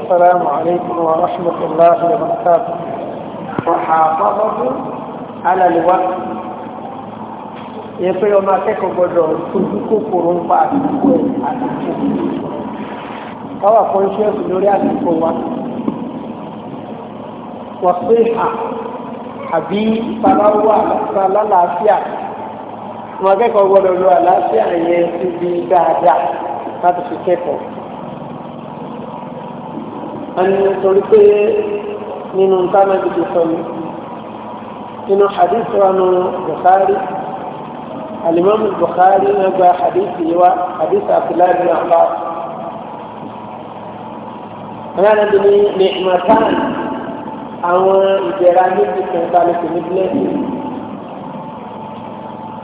السلام عليكم ورحمة الله وبركاته محافظة على الوقت gbọ́dọ̀ kòkòrò ń ọwọ́ lórí wa wọ́n àbí ọmọ akẹ́kọ̀ọ́ gbọ́dọ̀ lo àlàáfíà yẹn síbi dáadáa láti fi kẹ́kọ̀ọ́. ẹni torí pé nínú ntánàbí ti sọ mi nínú hadith wa nù Bukhari alimami Bukhari náà gba hadith yìí wá hadith Abdullahi bin Abbas. ẹ̀yà náà bí ní ní ìmọ̀ sáà àwọn ìjẹ̀ra méjì kan sálẹ̀ sí ní bílẹ̀sì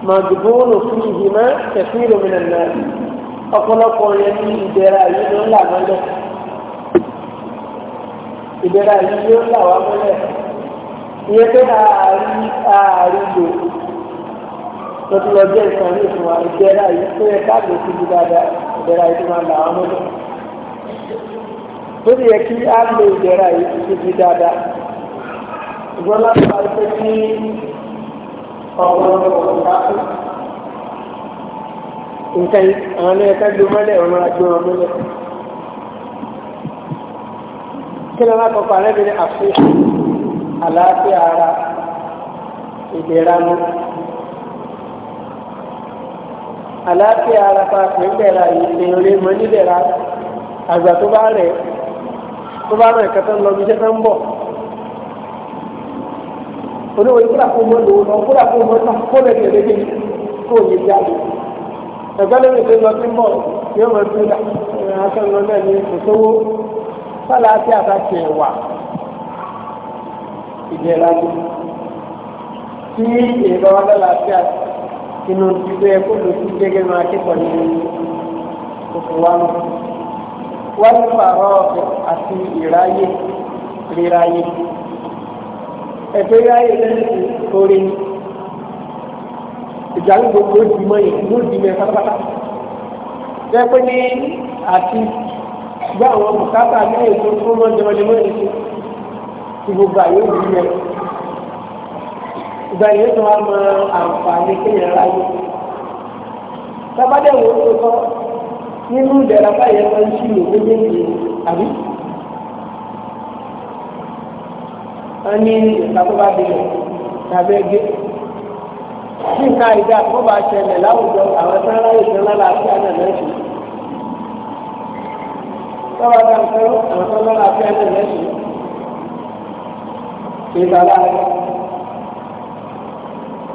màdùbúrú fún ìgbìmọ̀ kẹfí lómìnà náà ọ̀pọ̀lọpọ̀ yẹn ní ìdẹ̀ra yìí ló ń là mọ́lẹ̀ ìdẹ̀ra yìí ló ń là wá mọ́lẹ̀ ìyẹn pé ààrí ààrí lò lọ́tún lọ jẹ́ ìtàn ní ìfún wa ìdẹ̀ra yìí pé ẹ káàdì sí dáadáa ìdẹ̀ra yìí tó máa là wá mọ́lẹ̀ lórí yẹ kí á lo ìdẹ̀ra yìí sí dáadáa ìgbọ́n láti wá pé kí ọ̀pọ̀lọpọ̀ ìtàkù nǹkan àwọn ilé ẹ̀ka gbé mọ́lẹ̀ ọ̀nà àti ọ̀nà mọ́lẹ̀ kí ló máa kọ́kọ́ alẹ́ bẹ̀rẹ̀ àfihàn àlàáfíà ara ìlera mú àlàáfíà ara pa pẹ̀lú ìlera ìlera orí mọ́ nílera àgbà tó bá rẹ̀ tó bá rẹ̀ kẹta lọ bí iṣẹ́ tó bọ̀ oníwèé kúrà kó mọ́ lòó lọ kúrà kó mọ́ náà kó lè tẹ̀lé kí kó yé jáde ẹ̀gbẹ́ lórí ìṣe lọ sí mọ́ yóò mọ̀ sí akẹ́lọ́ náà ní kòtówó fọlá àti àtàkì ẹ̀wà ìjẹ̀lá ni tí èrò ọlọ́làfíà inú ìgbé ẹ̀kọ́ ló ti gẹ́gẹ́ máa kẹ́kọ̀ọ́ ní oṣù wa lọ. wọ́n ń pààrọ̀ àti ìráyè ríráyè ẹ̀fẹ́ ráyè lẹ́yìn orí ni ìjàlú gbogbo di mọ́ yẹn ló di mẹ́ pátápátá jẹ́ pé ní àti gbá àwọn bùkátà ní ètò tó mọ́ jẹmọ́jẹmọ́ yẹn ti ti gbogbo àyè òbí mẹ́ ìgbà yẹn tó wá mọ àǹfààní kéèyàn ráyè tábàdẹ̀ wo tó sọ nínú ìdẹ̀rẹ̀ báyẹn máa ń ṣì lò méjèèjì àbí. Ani ní ìka tó bá dilẹ̀ tàbí ẹgbẹ́. Bí nǹka ìdá kó bá ṣẹlẹ̀ láwùjọ àwọn tí wọ́n ráyè sí ńlá láti àná lẹ́sù. Tọ́wọ́ ta nǹkan àwọn tí wọ́n láti àná lẹ́sù. Kì í bàbá rẹ̀.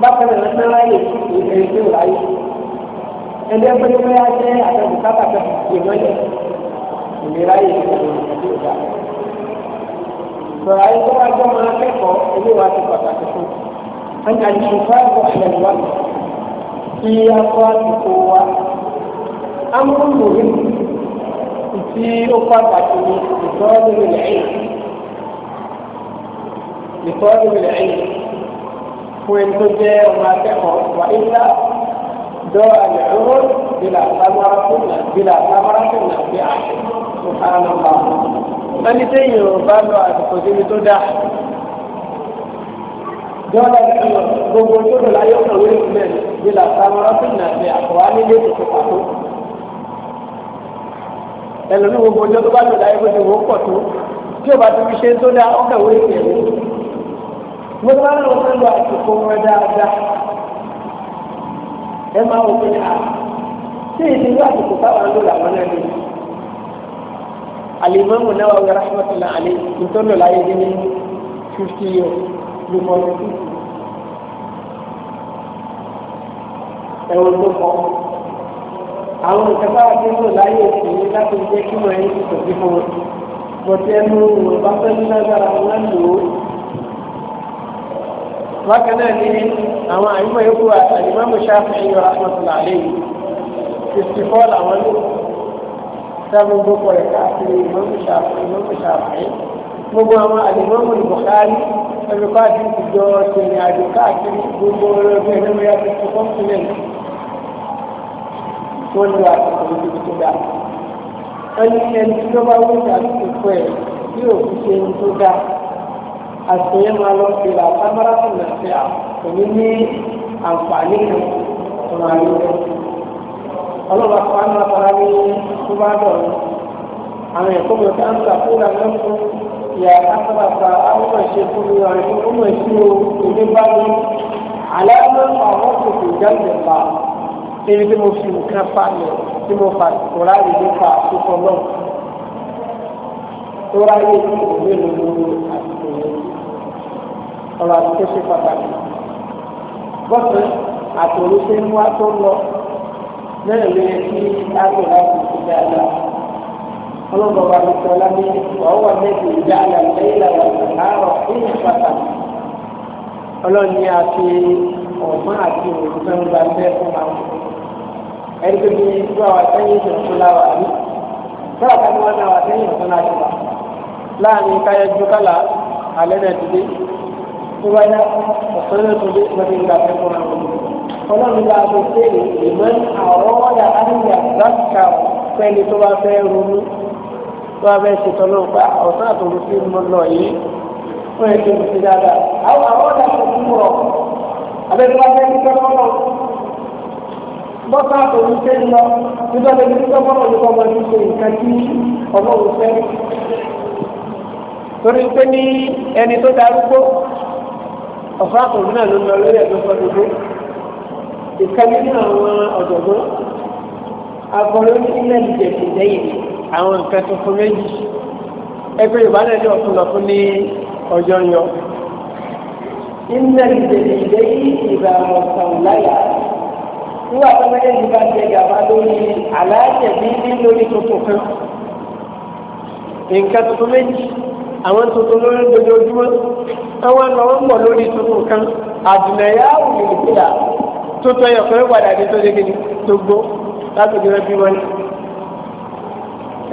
Bákan náà tí wọ́n ráyè sí ìfẹ́ ìgbé Ẹni ẹgbẹ́ tó yá jẹ́ àtẹ̀bùkátà tó ìmọ̀lẹ̀. Ìlera yìí ti ìgbà tó dáa sọ̀rọ̀ ayé tó bá jọ́ máa kẹ́kọ̀ọ́ ilé wa ti pàtàkì fún un àlùfáà bọ̀ àlẹ́ wa kí a kọ́ àsìkò wa amúlùmí tí ó pàtàkì ní ìtọ́jú ilẹ̀ ẹ̀yìn ìtọ́jú ilẹ̀ ẹ̀yìn fún ẹni tó jẹ́ ọmọ akẹ́kọ̀ọ́ wà ilá dọ́ àlẹ́ ọ̀rọ̀ bílà sámárà fún nà bílà sámárà fún nà bí a ẹni tí èèyàn bá lọ àsìkò síbi tó dáa dọ́là ìṣòro gbogbo tó lò láyé ọ̀nà orí ìpínlẹ̀ ní làtàwọn ọ̀sìn àti àkọ́wá nílé ètò pàtó ẹlòmí gbogbo ọjọ́ tó bá lò láyé bó ti wò ó pọ̀ tó tí o bá ti fi ṣe tó dáa ọ̀nà orí ìpínlẹ̀ mo bá lọ sí lọ àsìkò wọn dáadáa ẹ máa wò pé à sí ìdílé àsìkò táwọn lò làwọn náà lè alimami Nawawi rahmatullahi alayhi ntọ́lọ̀ láyé ní fifty years ló mọ ní fifty. ẹ̀wọ̀n tó kọ́ àwọn ìjọba àti ìlú láyé òsì ní láti jẹ́ kí wọ́n ẹni tó tẹ̀sí fún wọn. bọ̀dé ẹnu wọn bá fẹ́ ní lágbára wọn lò ó. bákan náà ní àwọn àyùmọ̀ yòókù àtàlímọ̀ Shafi'i rahmatullahi alayhi fifty four làwọn lò ó tá gbogbo pọ̀ rẹ̀ káàkiri ìmọ̀mù ṣàfù ìmọ̀mù ṣàfù gbogbo àwọn àdìmọ́mù Bukhari ẹnukọ́ àti ìjọ ṣèlè àjò káàkiri gbogbo ọlọ́gbẹ́ ẹ̀rọ ya ti fi kọ́ńtínẹ̀tì wọ́n lo àtìkọ́ níbi tó dáa wọ́n ní ẹni tí wọ́n bá wọ́n ní àtìkọ́ ẹ̀ bí òkú ṣe ń tó dáa àtìyẹ́ máa lọ sí ra sámárà fún ìrìnàṣẹ́ àkùnrin ní àǹfààní kan ọ̀rọ̀ àyẹ̀wò ọlọ́ba kan á máa fara ní tó bá dọ̀rọ̀ àwọn ẹ̀kọ́ mi ká ń gbà fún ìlànà fún ìyá akábàkà àwọn ìṣe fún mi àwọn ìṣe mi sí o ìdí bá mi àlàáfíà àwọn òkùnkùn jáde pa ebi tí mo fi nǹkan fa mi tí mo fa kóra rè ní fa àkókò náà tó ráyè tí mo lè lò lórí àtìkò yẹn ọ̀rọ̀ àti tó ṣe pàtàkì bọ́sẹ̀ àtòrò ṣe ń wá tó lọ náà lè fi àgbẹ̀ láti fi dáadáa. ọlọ́dọ̀ wa ní sọlá ní ọwọ́ méjì ìjà àlàyé ìlànà àárọ̀ fún pàtàkì. ọlọ́ni a fi ọ̀gbọ́n àti òṣìṣẹ́ ń gba bẹ́ẹ̀ fún wa. ẹni tó ti gbọ́ àwọn sẹ́yìn ìṣòro láwàá rí. sọ́wọ́ ká ní wọ́n náà wà sẹ́yìn ìṣòro láti wà. láàrin káyọ̀jú kálá alẹ́ náà ti tó wáyé ọ̀sán náà ọlọ́run bá a tó ṣe ìmọ̀ àwọn ọ̀dà àríyá láṣà pẹ́ni tó bá fẹ́ ronú tó bá fẹ́ ṣètò náà pa ọ̀sán àtòrò sí mọ́ lọ yìí wọ́n yẹ kí o ti dáadáa àwọn àwọn ọ̀dà tó kú rọ̀ àbẹ́tí wọ́n fẹ́ kíkọ́ lọ́wọ́ bọ́sà àtòrò ṣe ń lọ nígbà tó ti kíkọ́ lọ́wọ́ nípa ọmọ ní ṣe nǹkan tí ọlọ́run fẹ́ torí pé ní ẹni tó darúgbó ọ̀sán àtòrò náà ló ń lọ lórí ẹ̀ ìkan nínú àwọn ọ̀jọ̀gbọ́n akọrin nílẹ̀ ìjẹ̀bù lẹ́yìn àwọn nǹkan tuntun méjì ẹgbẹ́ ìbálẹ̀ ní ọ̀túnlọ́kún ní ọjọ́ yọ. nílẹ̀ ìjẹ̀bù lẹ́yìn ìgbà ọ̀sán láyà nígbà tó mẹ́lẹ́ ní bá jẹ gàba lórí aláàjẹ̀ bí ní lórí tuntun kan nǹkan tuntun méjì àwọn tuntun lórí dojoojúmọ́ àwọn lọ́wọ́ pọ̀ lórí tuntun kan àdùnnẹ̀yà òmìnira tó tọ́ yẹ kó padà dé tó dégé ni tó gbó láti gbé bí wọn.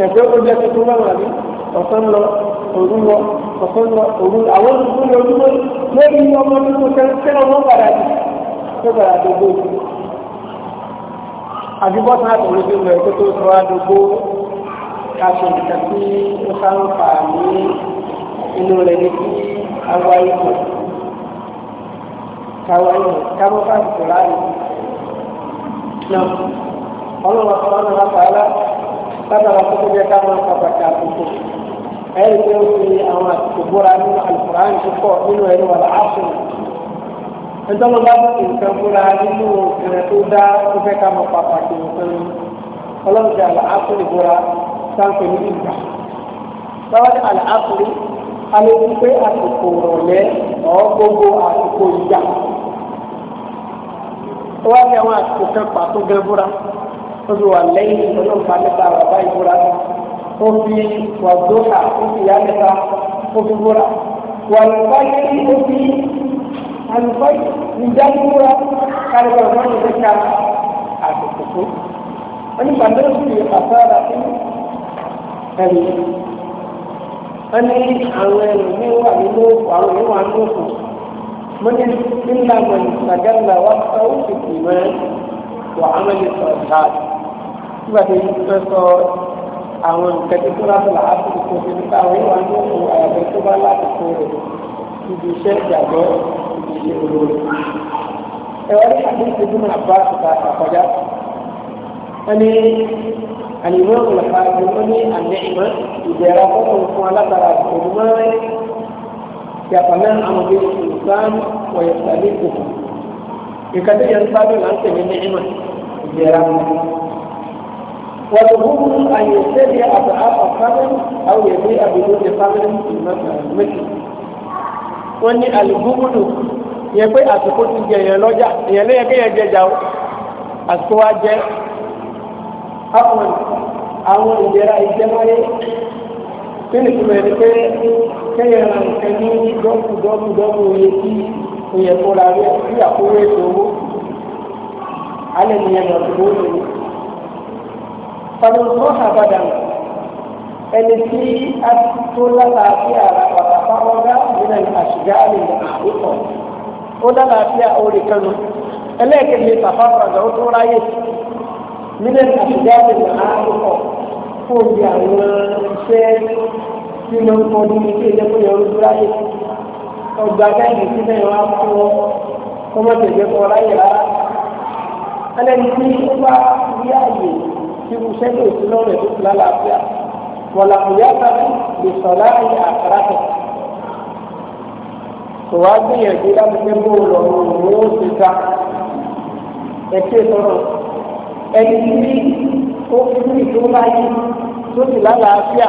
ẹgbẹ́ ó jẹ́ tuntun náà wà ní ọ̀sán lọ òru lọ ọ̀sán lọ òru àwọn olùkọ́ ní ojúmọ́ lórí ọmọ tuntun kẹ́lẹ́ ọmọ padà dé tó padà dé gbó ojú. àdúgbò sáà tó lójú lọ ẹgbẹ́ tó sọ àdúgbò káṣọ ìtàkì ó sáà ń ní inú rẹ̀ ní kí àwọn ayé káwọn ẹ̀yìn káwọn bá ti tẹ̀lé àyè. náà ọlọ́run àkọ́kọ́ náà wá sàálà látara tó jẹ́ káwọn pàtàkì àkókò ẹ̀yìn tí ó fi àwọn àtìkò bóra nínú àlùkùránì tó pọ̀ nínú ẹ̀rọ wà láàfin. ẹjọ́ ló bá ti nǹkan bóra nínú ìrìn tó dá tó fẹ́ káwọn pàtàkì nǹkan ọlọ́run ti àlàáfin ìbóra sáńpẹ̀ ní ìgbà lọ́wọ́ ní àlàáfin alẹ́ wípé àsìkò rọ̀lẹ́ ọ̀ gbogbo àsìkò ìjà wá ní àwọn àsìkò kan pàtó gan búra ó ti wà lẹ́yìn ọlọ́pàá nípa bàbá ìbúra ó fi wàdóhà ó fi yá nípa ó fi búra wàlúfáyé ó fi àlùfáyé ìjà búra kárìkà ọ̀gbọ́n ní ìdíkà àsìkò tó wọ́n ní bàbá ó fi àsára sí ẹ̀yìn wọ́n ní àwọn ẹlòmíín wà nínú àwọn ìwà nínú òkùnkùn. من إلا من استغل وقته في الإيمان وعمل الصالحات ìgbàdé fẹ́ sọ àwọn nǹkan tí tó láti là á fi kó fi nípa àwọn ìwà ní òkú àyàfẹ́ tó bá láti kó rẹ̀ ibi iṣẹ́ ìgbàgbọ́ ibi iṣẹ́ olóore. ẹ̀rọ ní àdéhùn ìdúnmọ̀ àbá àtúntà àkọjá ìsìlámù wọ̀nyẹ̀ tàbí kòkò ìkàtí yẹn sábẹ̀ là ń tẹ̀lé ní ìmọ̀ ìjẹ́ra wọn. wọ́n ti mú àyè sẹ́lẹ̀ àbá àfáàmì àwọn èdè àbúrò ní fámìlì ìmọ̀ méjì. wọ́n ní àlùbúgbùdù yẹ pé àsìkò ti jẹ yẹn lọ́jà yẹn lẹ́yìn kéèyàn jẹjà o àsìkò wa jẹ àwọn ìjẹ́ra ìjẹ́wáyé nínú ìtumọ̀ yẹn ni pé kẹ́yẹ̀ ra nǹkan ní dọ́kù dọ́kù dọ́kù oye tí oyè fúnra rẹ̀ sí àkóró ètò owó alẹ́ nìyẹn lọ sí owó lòlù. Fàdùnkọ́ àbàdà ẹni tí a tó lálàáfíà pàtàkì ọ̀gá nínú àṣìgá àlè àkókò ó lálàáfíà orí kanu ẹlẹ́ẹ̀kejì pàpà ọ̀gá ó tó ráyè nínú àṣìgá àlè àkókò fún òbí àwọn iṣẹ́ tí mo ń kọ́ nínú ilé ìjẹ́ pé yọrù láyé ọgbà gáàdì sí bẹ́ẹ̀ wá fún ọ kọ́mọ tẹ̀lé kọ́ láyé rárá. alẹ́ni tí ó bá rí àyè tí mo ṣẹ́gun ìṣúná rẹ̀ tó fi lálàáfíà wọ̀là kò yá sábẹ́ lè sọ láàyè àkàrà tẹ̀. kò wá gbìyànjú láti fẹ́ bó lọ́rùn òun ó ti ta ẹtí ìtọ́nà ẹni tí ó fi ní ìtúmbáyé tó sì lálàáfíà.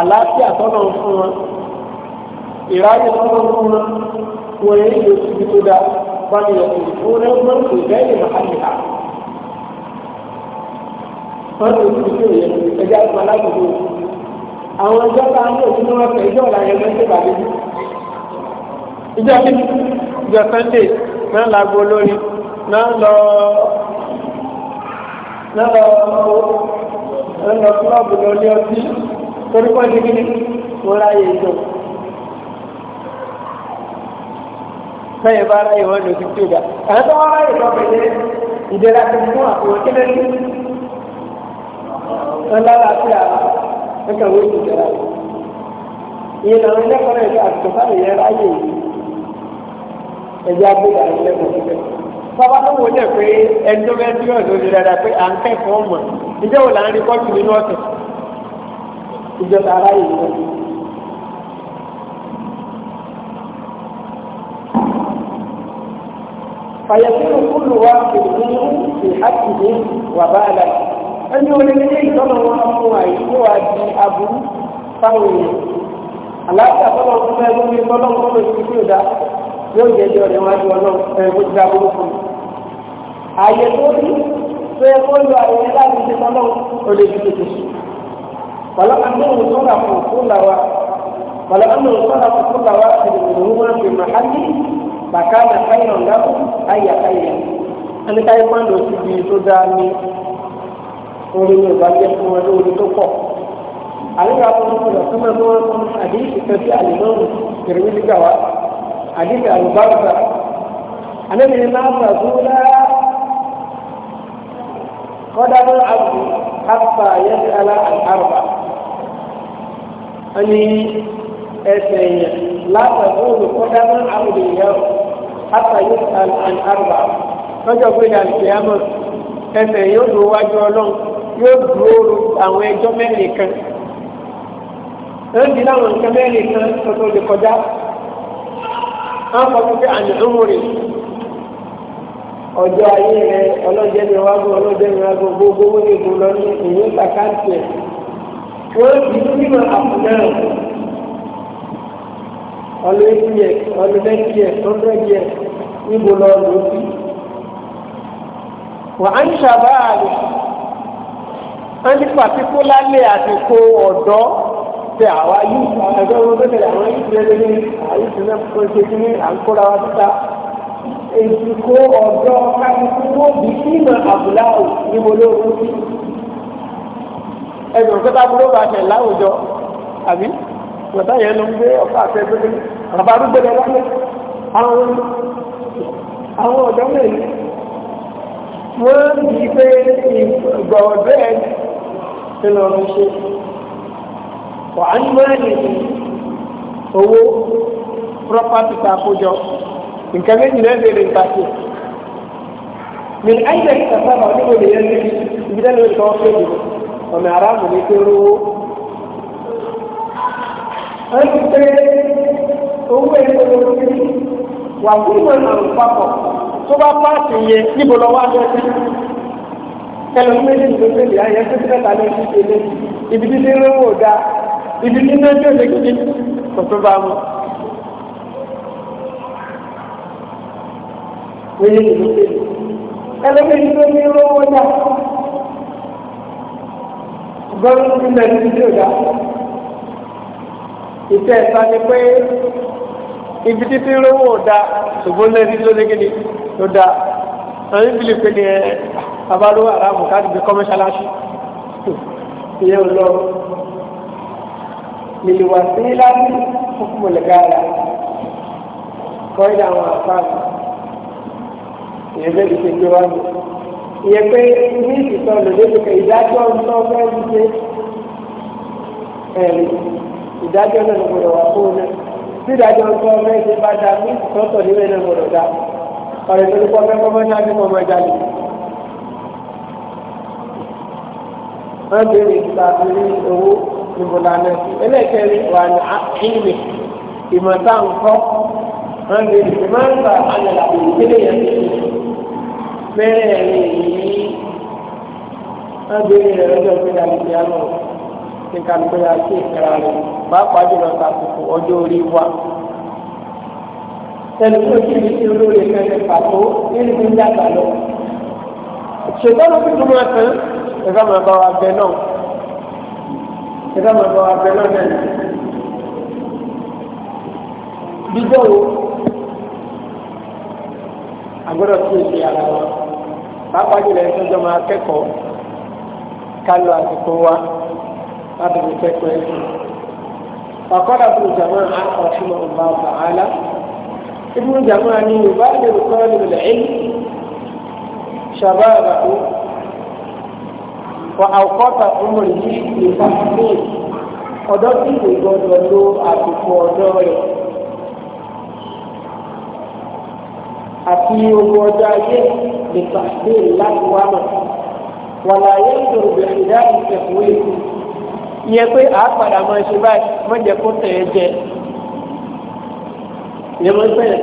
àlàáfíà tọ́nà ń fún wọn ìráyè tọ́nà ń fún wọn wọ́n yẹ ìlú síbi tó dáa bá mi yọkùn fún rẹ wọ́n kò jẹ́ ìlú àmìhà wọ́n kò síbi tó yẹ ẹja ìgbà lágbègbè àwọn ẹjọ́ ta ní òfin ní wọn ìjọ ọ̀la yẹn lọ́sẹ̀ bàbá ìjọ kí ìjọ sunday náà làgbo lórí náà lọ náà lọ náà lọ kílọ̀bù lọ ní ọtí torí kọ́ ní kíni mo ráyè ìjọ lẹ́yìn bá ráyè wọn lòdì tó dà àwọn tó wọ́n ráyè lọ bẹ̀rẹ̀ ìdẹ́ra ti fún àpòwọ́ kílẹ̀ ní ọlọ́láfíà ẹ̀kọ́wé ìdẹ́ra ìyẹn làwọn ẹlẹ́kọ̀ọ́ náà yẹ àtúntà ìyẹn ráyè yìí ẹ̀yà gbéra ẹ̀lẹ́kọ̀ọ́ kíkẹ́ bàbá tó wọlé pé ẹni tó bẹ́ẹ̀ rẹ̀ pé à ìjọba aráyè lọ. fàyẹ̀sìnì kúlù wa kò ní ṣe àkìlẹ̀ wà báàlà ẹni olè ní ìtọ́nà wọn fún àìsí wa di aburú fáwọn èèyàn àlàáfíà tọ́lọ̀ fún ẹgbẹ́ mi tọ́lọ̀ fún mi ti fún ìdá yóò jẹ́ ẹjọ́ rẹ̀ wájú ọlọ́run ẹ̀rọ ti aburú fún mi. àyè tó ní pé kó lo àyè láti ṣe tọ́lọ̀ olè ti tètè sùn. فلأنه صرف كل ولأنه صرف كل واحد منهما في محله فكان خيرا له أي خير ẹni ká ipá lò síbi tó dáa ní orí ní ìbàjẹ́ fún ọdún orí tó pọ̀ àlejò àwọn ọmọdé tó máa ń wọ́n fún àdéhìí kan sí àlejòrò kìrìmí ti gbà wá àdéhìí àlùbáwùsà àlejò náà ala àrùbá. ani ní ẹsẹ̀ yẹn látàkó olùkọ́dá mọ́ àwọn èèyàn àtàyè àrùbá lọ́jọ́ pé dàlùkìyàmọ̀ ẹsẹ̀ yóò dúró wájú ọlọ́run yóò àwọn ẹjọ́ mẹ́rin kan ẹnjì láwọn nǹkan mẹ́rin kan tuntun lè kọjá wọn kọ fún pé àmì ìmúre ọjọ́ ayé rẹ ọlọ́jẹ́ mi wá ọlọ́jẹ́ mi gbogbo owó ní ìgbò lọ́nà ìyẹn ẹ̀. ويبدو بما أقناه ọlọ́ ẹ̀kí ẹ̀ ọlọ́ ẹ̀kí ẹ̀ tọ́jú ẹ̀kí ẹ̀ níbo lọ lò ó sí. wà á ń ṣàbáàlì wọ́n ní pàtíkúlá lè àsìkò ọ̀dọ́ tẹ àwa yìí ẹgbẹ́ wọn bẹ́ẹ̀ tẹ̀lé àwọn yìí tẹ̀lé ní àyíṣẹ́ tẹ̀lé kó ṣe kí ní àǹkóra wa síta. èsìkò ọ̀dọ́ káàkiri wọ́n bí kí ní àbúláwò níbo ló ń sí ẹgbẹ̀rún kọ́tà burú bá ṣẹ̀ láwùjọ àbí wọ́tá yẹn ló ń gbé ọ̀pá àti ẹgbẹ́ àbá arúgbó lọ wálé àwọn ọ̀dọ́ mẹ́rin wọ́n di pé ìgbọ̀ọ̀dọ́ ẹ̀ ti lọ rẹ̀ ṣe wà á ní mẹ́rin owó property ta kójọ nǹkan méjì náà lè rìn pàṣẹ min ayi bẹ kí kasa ma yẹn ní ibi tẹ́lẹ̀ lè sọ ọ́ fẹ́ẹ́ ọ̀nà aráàmù ní pé rówó. wọ́n ti pé owó ẹ̀kọ́ ló ti rí wà fún ìmọ̀ ìrọ̀rùn papọ̀ tó bá páàkì yẹ níbo lọ wá lọ sí. ẹlòmí méjì ló fẹ́ lè ayẹ tó tẹ́lẹ̀ ta lọ sí ilé ibi títí rówó ò dáa ibi títí ó dé lẹ́gbẹ̀ẹ́ kò tó bá mú. Oye ìlú tẹ̀lé. Ẹlòmí méjì ló ní rówó dáa gbọ́dọ̀ ní mẹ́rin ní ìjọba ìtẹ́ ẹ̀ka ni pé ibi títí lówó ò da ṣùgbọ́n lẹ́ni ló ní kíni ló da àwọn ìbílẹ̀ pé ni ẹ abálówó aráàmù káàdì bí kọ́mẹ́ṣáláṣí ìyẹn ò lọ lèlè wà sí láti fúnfún mọ̀lẹ́gáàlà kọ́ ìdá àwọn àfáàmù ìyẹn bẹ́ẹ̀ ti ṣe gbé wá mi ìyẹn pé ní ìsìtọ́ lòdì pé ìdájọ́ ń tọ́ fẹ́ ń ṣe ẹ̀rí ìdájọ́ náà gbọ́dọ̀ wà fún un náà tí ìdájọ́ ń tọ́ fẹ́ ṣe bá da ní ìtọ́tọ̀ níbẹ̀ náà gbọ́dọ̀ da ọ̀rẹ́ tó ní kọ́ fẹ́ kọ́ fẹ́ náà ní kọ́ máa jalè. wọ́n béèrè ìtàkùn owó ìbùdánù ẹlẹ́kẹ̀rin wà ní ìlú ìmọ̀ta nǹkan wọ́n béèrè ìmọ̀ bẹ́ẹ̀ ni ẹgbẹ́ rẹ̀ lọ́jọ́ ìpínlẹ̀ àlùfíàmù ní kàlùkọ́yà sí ìkẹrà rẹ̀ bá pàdé lọ sàkókò ọjọ́ orí wa. ẹnu tó ti di olóore kẹlẹ pàtó nínú ti ń dàgbà lọ. ṣètọ́nù tó dúró ẹ̀sán ẹ̀fọ́ máa bá wa bẹ náà ẹ̀fọ́ máa bá wa bẹ náà náà. bíjọ́ wo àgbọ̀dọ̀ sí èdè ara wa pápájùlẹ̀ ń tọ́jọ́ máa kẹ́kọ̀ọ́ ká lo àsìkò wa láti fi kẹ́kọ̀ọ́ ẹ̀sìn. Ọ̀kọ́dà fún ìjàmọ́ àkọ́ ṣùgbọ́n ọba ọba àlá. Ibú ìjàmọ́ ni Yorùbá lè kọ́ lulẹ̀ ẹ̀yìn ṣàbáàbà ó. Wà àwòkọ́ta ọmọ yìí lè fà ọ̀dọ́ tí kò gbọdọ̀ lo ọ̀dọ́ rẹ̀. àti ogun ọjọ́ ayé lè pàṣẹ láti wá mọ̀ wàlá ayé ń sọ̀rọ̀ bẹ̀rẹ̀ ìdá ìṣẹ̀kùn èkó ìyẹn pé àápàdà máa ṣe báyìí mọ̀jẹ̀ kó tẹ̀ ẹ́ jẹ ìyẹn máa ń pẹ̀lẹ̀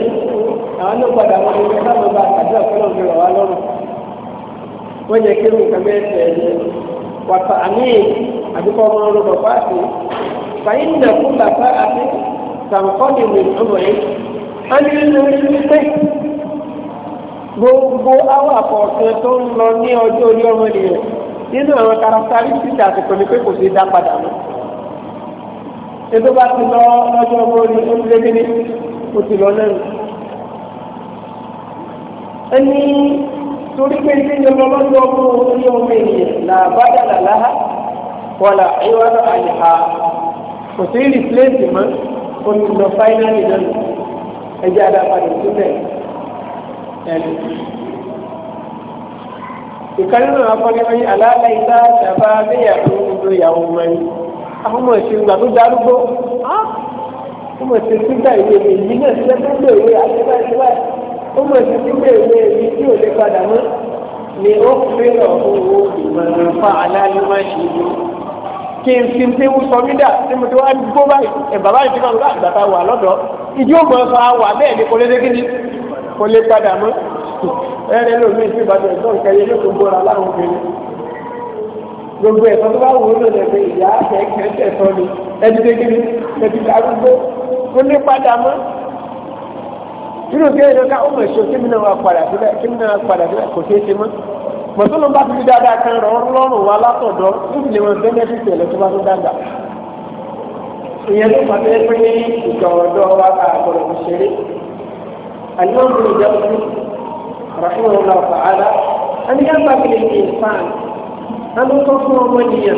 àwọn ló padà wọn ìgbẹ́ sábà bá àdúrà fọlọ́ fi rọ̀ wá lọ́rùn wọ́n jẹ́ kí nǹkan bẹ́ẹ̀ tẹ̀ ẹ́ jẹ wàtà àmì àdúgbò ọmọ ọrùn bàbá àti fàyín nà fún bàbá àti sàǹkọ́ni gbogbo awa kọ̀ọ̀kan tó ń lọ ní ọjọ́ orí ọmọ nìyẹn nínú àwọn karakitaristiki àsìkò ni pé kò sí dá padà mọ́. ètò bá ti lọ lọ́jọ́ ọmọ orí onílé-gíní kò sì lọ lẹ́nu. ẹni torí pé ilé ìjọba lọ́jọ́ ọmọ orí ọmọ ènìyàn là bàdà làláha wàlà ìwádà àyàhà kò sí rìpléǹtì mọ́ onílọ fáínàlì náà ẹjẹ́ adápadà sílẹ̀ ẹ̀rù. ìkan nínú afọ́nimọ́ni aláàlá ìta ṣàbá léyàtọ̀ nínú ìyàwó mọ́ni àwọn ọmọ ìṣe ìgbà tó darúgbó ọmọ ìṣe sígbà ìwé mi yìí náà ṣe tó lè wé àtẹ́bàṣẹ́bà ọmọ ìṣe sígbà ìwé mi tí ò lè padà mọ́ ni ó fi lọ owó ìmọ̀ràn fa aláàlú máa ṣe é kí n fi ti wú sọ mí dà tí mo ti wá gbó báyìí ẹ̀ bàbá ìṣe kan gbà àgbàtà wà lọ́dọ̀ ìdí ògbọ̀n fa wà bẹ́ẹ̀ ni kò lè dé kí ni kò lè padà mọ́ ẹ̀rẹ́ lómi ìfi ìbàdàn ìtọ́ nǹkan yẹn ló tó bóra láwọn obìnrin gbogbo ẹ̀sán tó bá wù ú lòdì pé ìyá àfẹ́ kẹ́sẹ̀ sọ ni ẹni tẹ́gírí ẹni darúgbó kò lè padà mọ́ nínú kí ẹ̀rọ ká ọmọ ìṣó kí mi náà wà padà síbẹ̀ kí mi náà wà padà síbẹ̀ kò ṣeé ṣe mọ́ mọ̀tọ́lọ́ bá fi dáadáa kan rọ̀ lọ́rùn wa látọ̀dọ̀ níbi lè wọn bẹ́nẹ́fìtì ẹ̀lẹ́ tó bá tó dàgbà. ìyẹn ló pàtẹ́ pé ìjọ ọ̀dọ́ wa kà àgbọ̀dọ̀ ìṣeré اليوم بن جوزي رحمه الله تعالى أن ينبغي للإنسان أن يكون مليا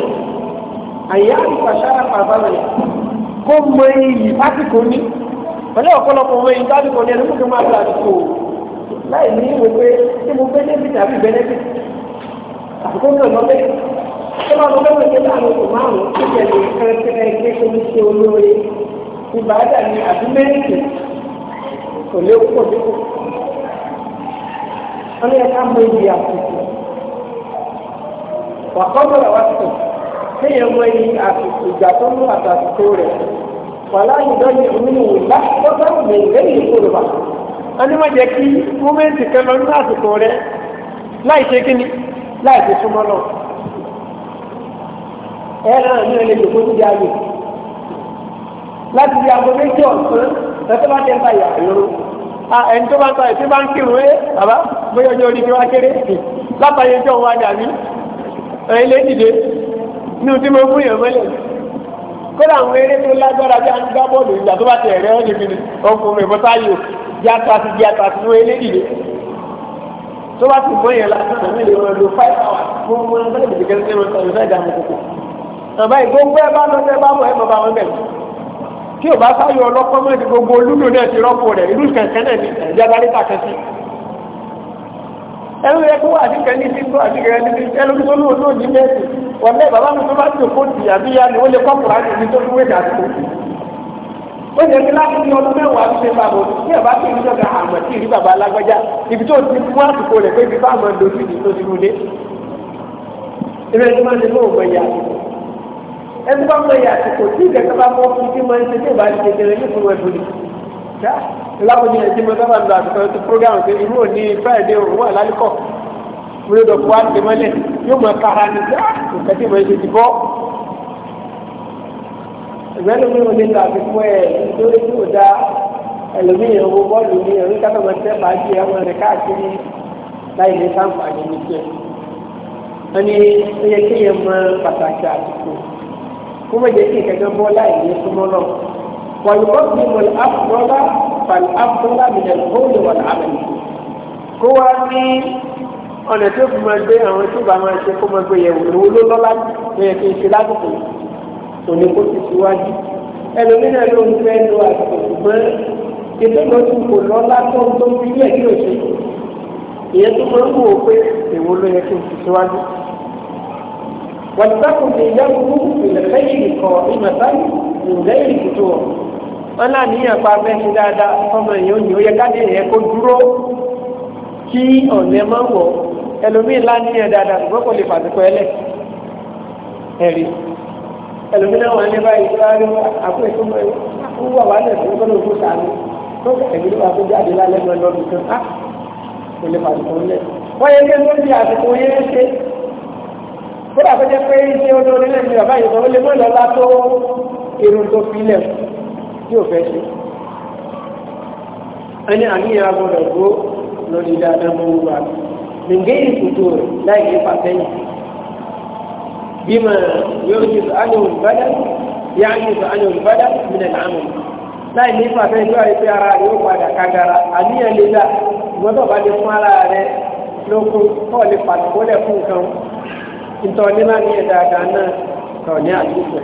أن يعرف شرف ظلمه kó mọ iyì pásìkò ní pẹ̀lú ọ̀pọ̀lọpọ̀ ọmọ iyì pásìkò ní ẹnìmọ́ kí máa gba àdúgbò láì ní ìwé pé tí mo benefit àbí benefit àkókò ní ọ̀nà bẹ́ẹ̀ tó máa lọ lọ́wọ́ ìgbésẹ̀ àwọn oṣù márùn-ún tó jẹ́ ní kẹ́kẹ́ kékeré ṣe olóore ìbàdàn ní àbí mẹ́rìndínlẹ́ kò léwu pọ̀ dípò wọ́n yẹ ká mọ ibi àsìkò wà kọ́mọ̀lá wá sùn kéèyàn mọ ibi àsìkò ìgbà tó mú àtàkùkọ rẹ̀ wà láàyè lọ́yẹ̀ òmìnir wùlá lọ́gbà mọ̀ lẹ́yìn ìkórùbà wọ́n ní wọ́n jẹ́ kí mómẹ́ǹtì kan lọ nínú rẹ̀ láì ṣe kíni láì ṣe súnmọ́ náà ní ẹlẹ́ ìdòkó ti di ayò láti di aago méjì ọ̀sán ẹ̀fẹ́ bá tẹ́ ń bá ìyá ẹni tó bá ń sọ̀rọ̀ tí bá ń kírun ẹ́ bàbá bóyá ọjọ́ orí tí wá kéré látàyè ìjọ wa dàbí ẹ̀yìn lè dìde ní ojú mo fún yàn mọ́lẹ̀ kódà àwọn eré tó lágbára bí a ń gbá bọ́ọ̀lù ìgbà tó bá tẹ̀ rẹ́ ọ́ níbi ọkùnrin ìbọ́tá yòó di atasi di atasi ló eléyìí lé tó bá ti bọ́ yẹn la tó tẹ̀lé lè wọ́n lo five hours fún wọn bẹ́ẹ̀ bìtìkẹ́ ló ń sọ ìfẹ́ ìdààmú kòkò. bàbá ìgbóngbó ẹ bá lọ sí tí o bá sáyọ ọlọ́pọ̀ mọ́ gbogbo olúlo náà ti rọ́pò rẹ̀ ìlú kẹ̀kẹ́ náà ní ẹ̀jẹ̀ abáríkà kẹsí ẹlú yẹ kó wà sí kẹ́ ní ti tó àti kẹ́ ní ti ẹlú tó lóò lóò ní mẹ́sì wọ́n mẹ́ bàbá mi tó bá tó kó tì àbí ya ni ó lè kọ́kùrọ̀ àti ìlú tó lówó ìdá tó ó jẹ́ kí láti ní ọdún mẹ́wàá ti ṣe ẹni bá mọ ìyá àsìkò tí ìkẹkẹ bá mọ fún kí máa ń ṣe tí ìbá ti kékeré ní fún ẹbùn ni. láwùjọ ẹjẹ mọ sábà lọ àsìkò tó program pé irú òní friday òun wà lálùkọ múlò dọ̀ fún wa ti mọ́lẹ̀ yóò mọ kára ní sí nǹkan tí ìbá ṣe ti bọ́. ìgbẹ́ni mi ò lè ta da ẹlòmíràn owó bọ́ọ̀lù ní ẹ̀rí kátó máa tẹ́ bá jẹ ọmọ rẹ̀ káàkiri láì ní sáǹfà ní ní jẹ. wọ́n ní ó yẹ kéèyàn mọ pàtàkì àsìkò kó má jẹ́ kí ìkẹjọ bọ́ láì ní súnmọ́ náà wàlúkọ́ bí mo lè áfúrọ́lá pàlú áfúrọ́lá mi lè kó lè wà láàmì kó wá ní ọ̀nà tó fi máa gbé àwọn tó bá máa ṣe kó máa gbé yẹ̀wò ìwò ló lọ́lá tó yẹ kí n ṣe lásìkò òní kó ti síwájú ẹlòmínà ló ń fẹ́ lo àsìkò ṣùgbọ́n ètò ìlọ́tù kò lọ́lá tó ń tó ń fi ilé kí òṣèlú ìyẹn tó máa ń wò ó pé èwo ló yẹ kí n ti síwájú wọ́tàkùn lè yẹ́wù ìlẹ̀kẹ́yìn kọ̀ ìmọ̀tán ìlẹ́yìn tuntun wọn. wọ́n náà níyàn pa abẹ́ ṣe dáadáa ọmọ èèyàn ní ó yẹ káde yẹn kó dúró kí ọ̀nẹ́ máa wọ̀ ẹlòmíín láníyàn dáadáa ṣùgbọ́n kò lè fàtìkọ ẹlẹ̀ ẹ̀rí ẹlòmíín náà wà ní báyìí sáré àpò ìfúnmọ́ wà wà lẹ́sìn kọ́nà òkú sáré tó ẹ̀mí wà tó jáde lálẹ́ mọ́ lọ́dún kan á kò kódà tó jẹ́ pé iṣẹ́ olórí lẹ́nu bàbá yìí kan ó lè mọ́ ìlọ́lá tó irun tó fi lẹ̀ tí ò fẹ́ ṣe. ẹni àníyàn agbọ́dọ̀ gbó lórí dáadáa mọ́ wúwa nìgbé ìkùtù rẹ̀ láì ní pàtẹ́yìn. bímọ yóò ṣe àyè olùbádá yá àyè àyè olùbádá mílẹ̀ láàmú. láì ní pàtẹ́yìn tó àyè pé ara yóò padà kagara àníyàn lè dà ìgbọ́dọ̀ bá lè fún ara rẹ̀ lókun kọ́ lè fún nǹkan ìtọ̀ọ̀ní náà ní ẹ̀dáadáa náà tọ̀ọ̀ní àtúnṣe.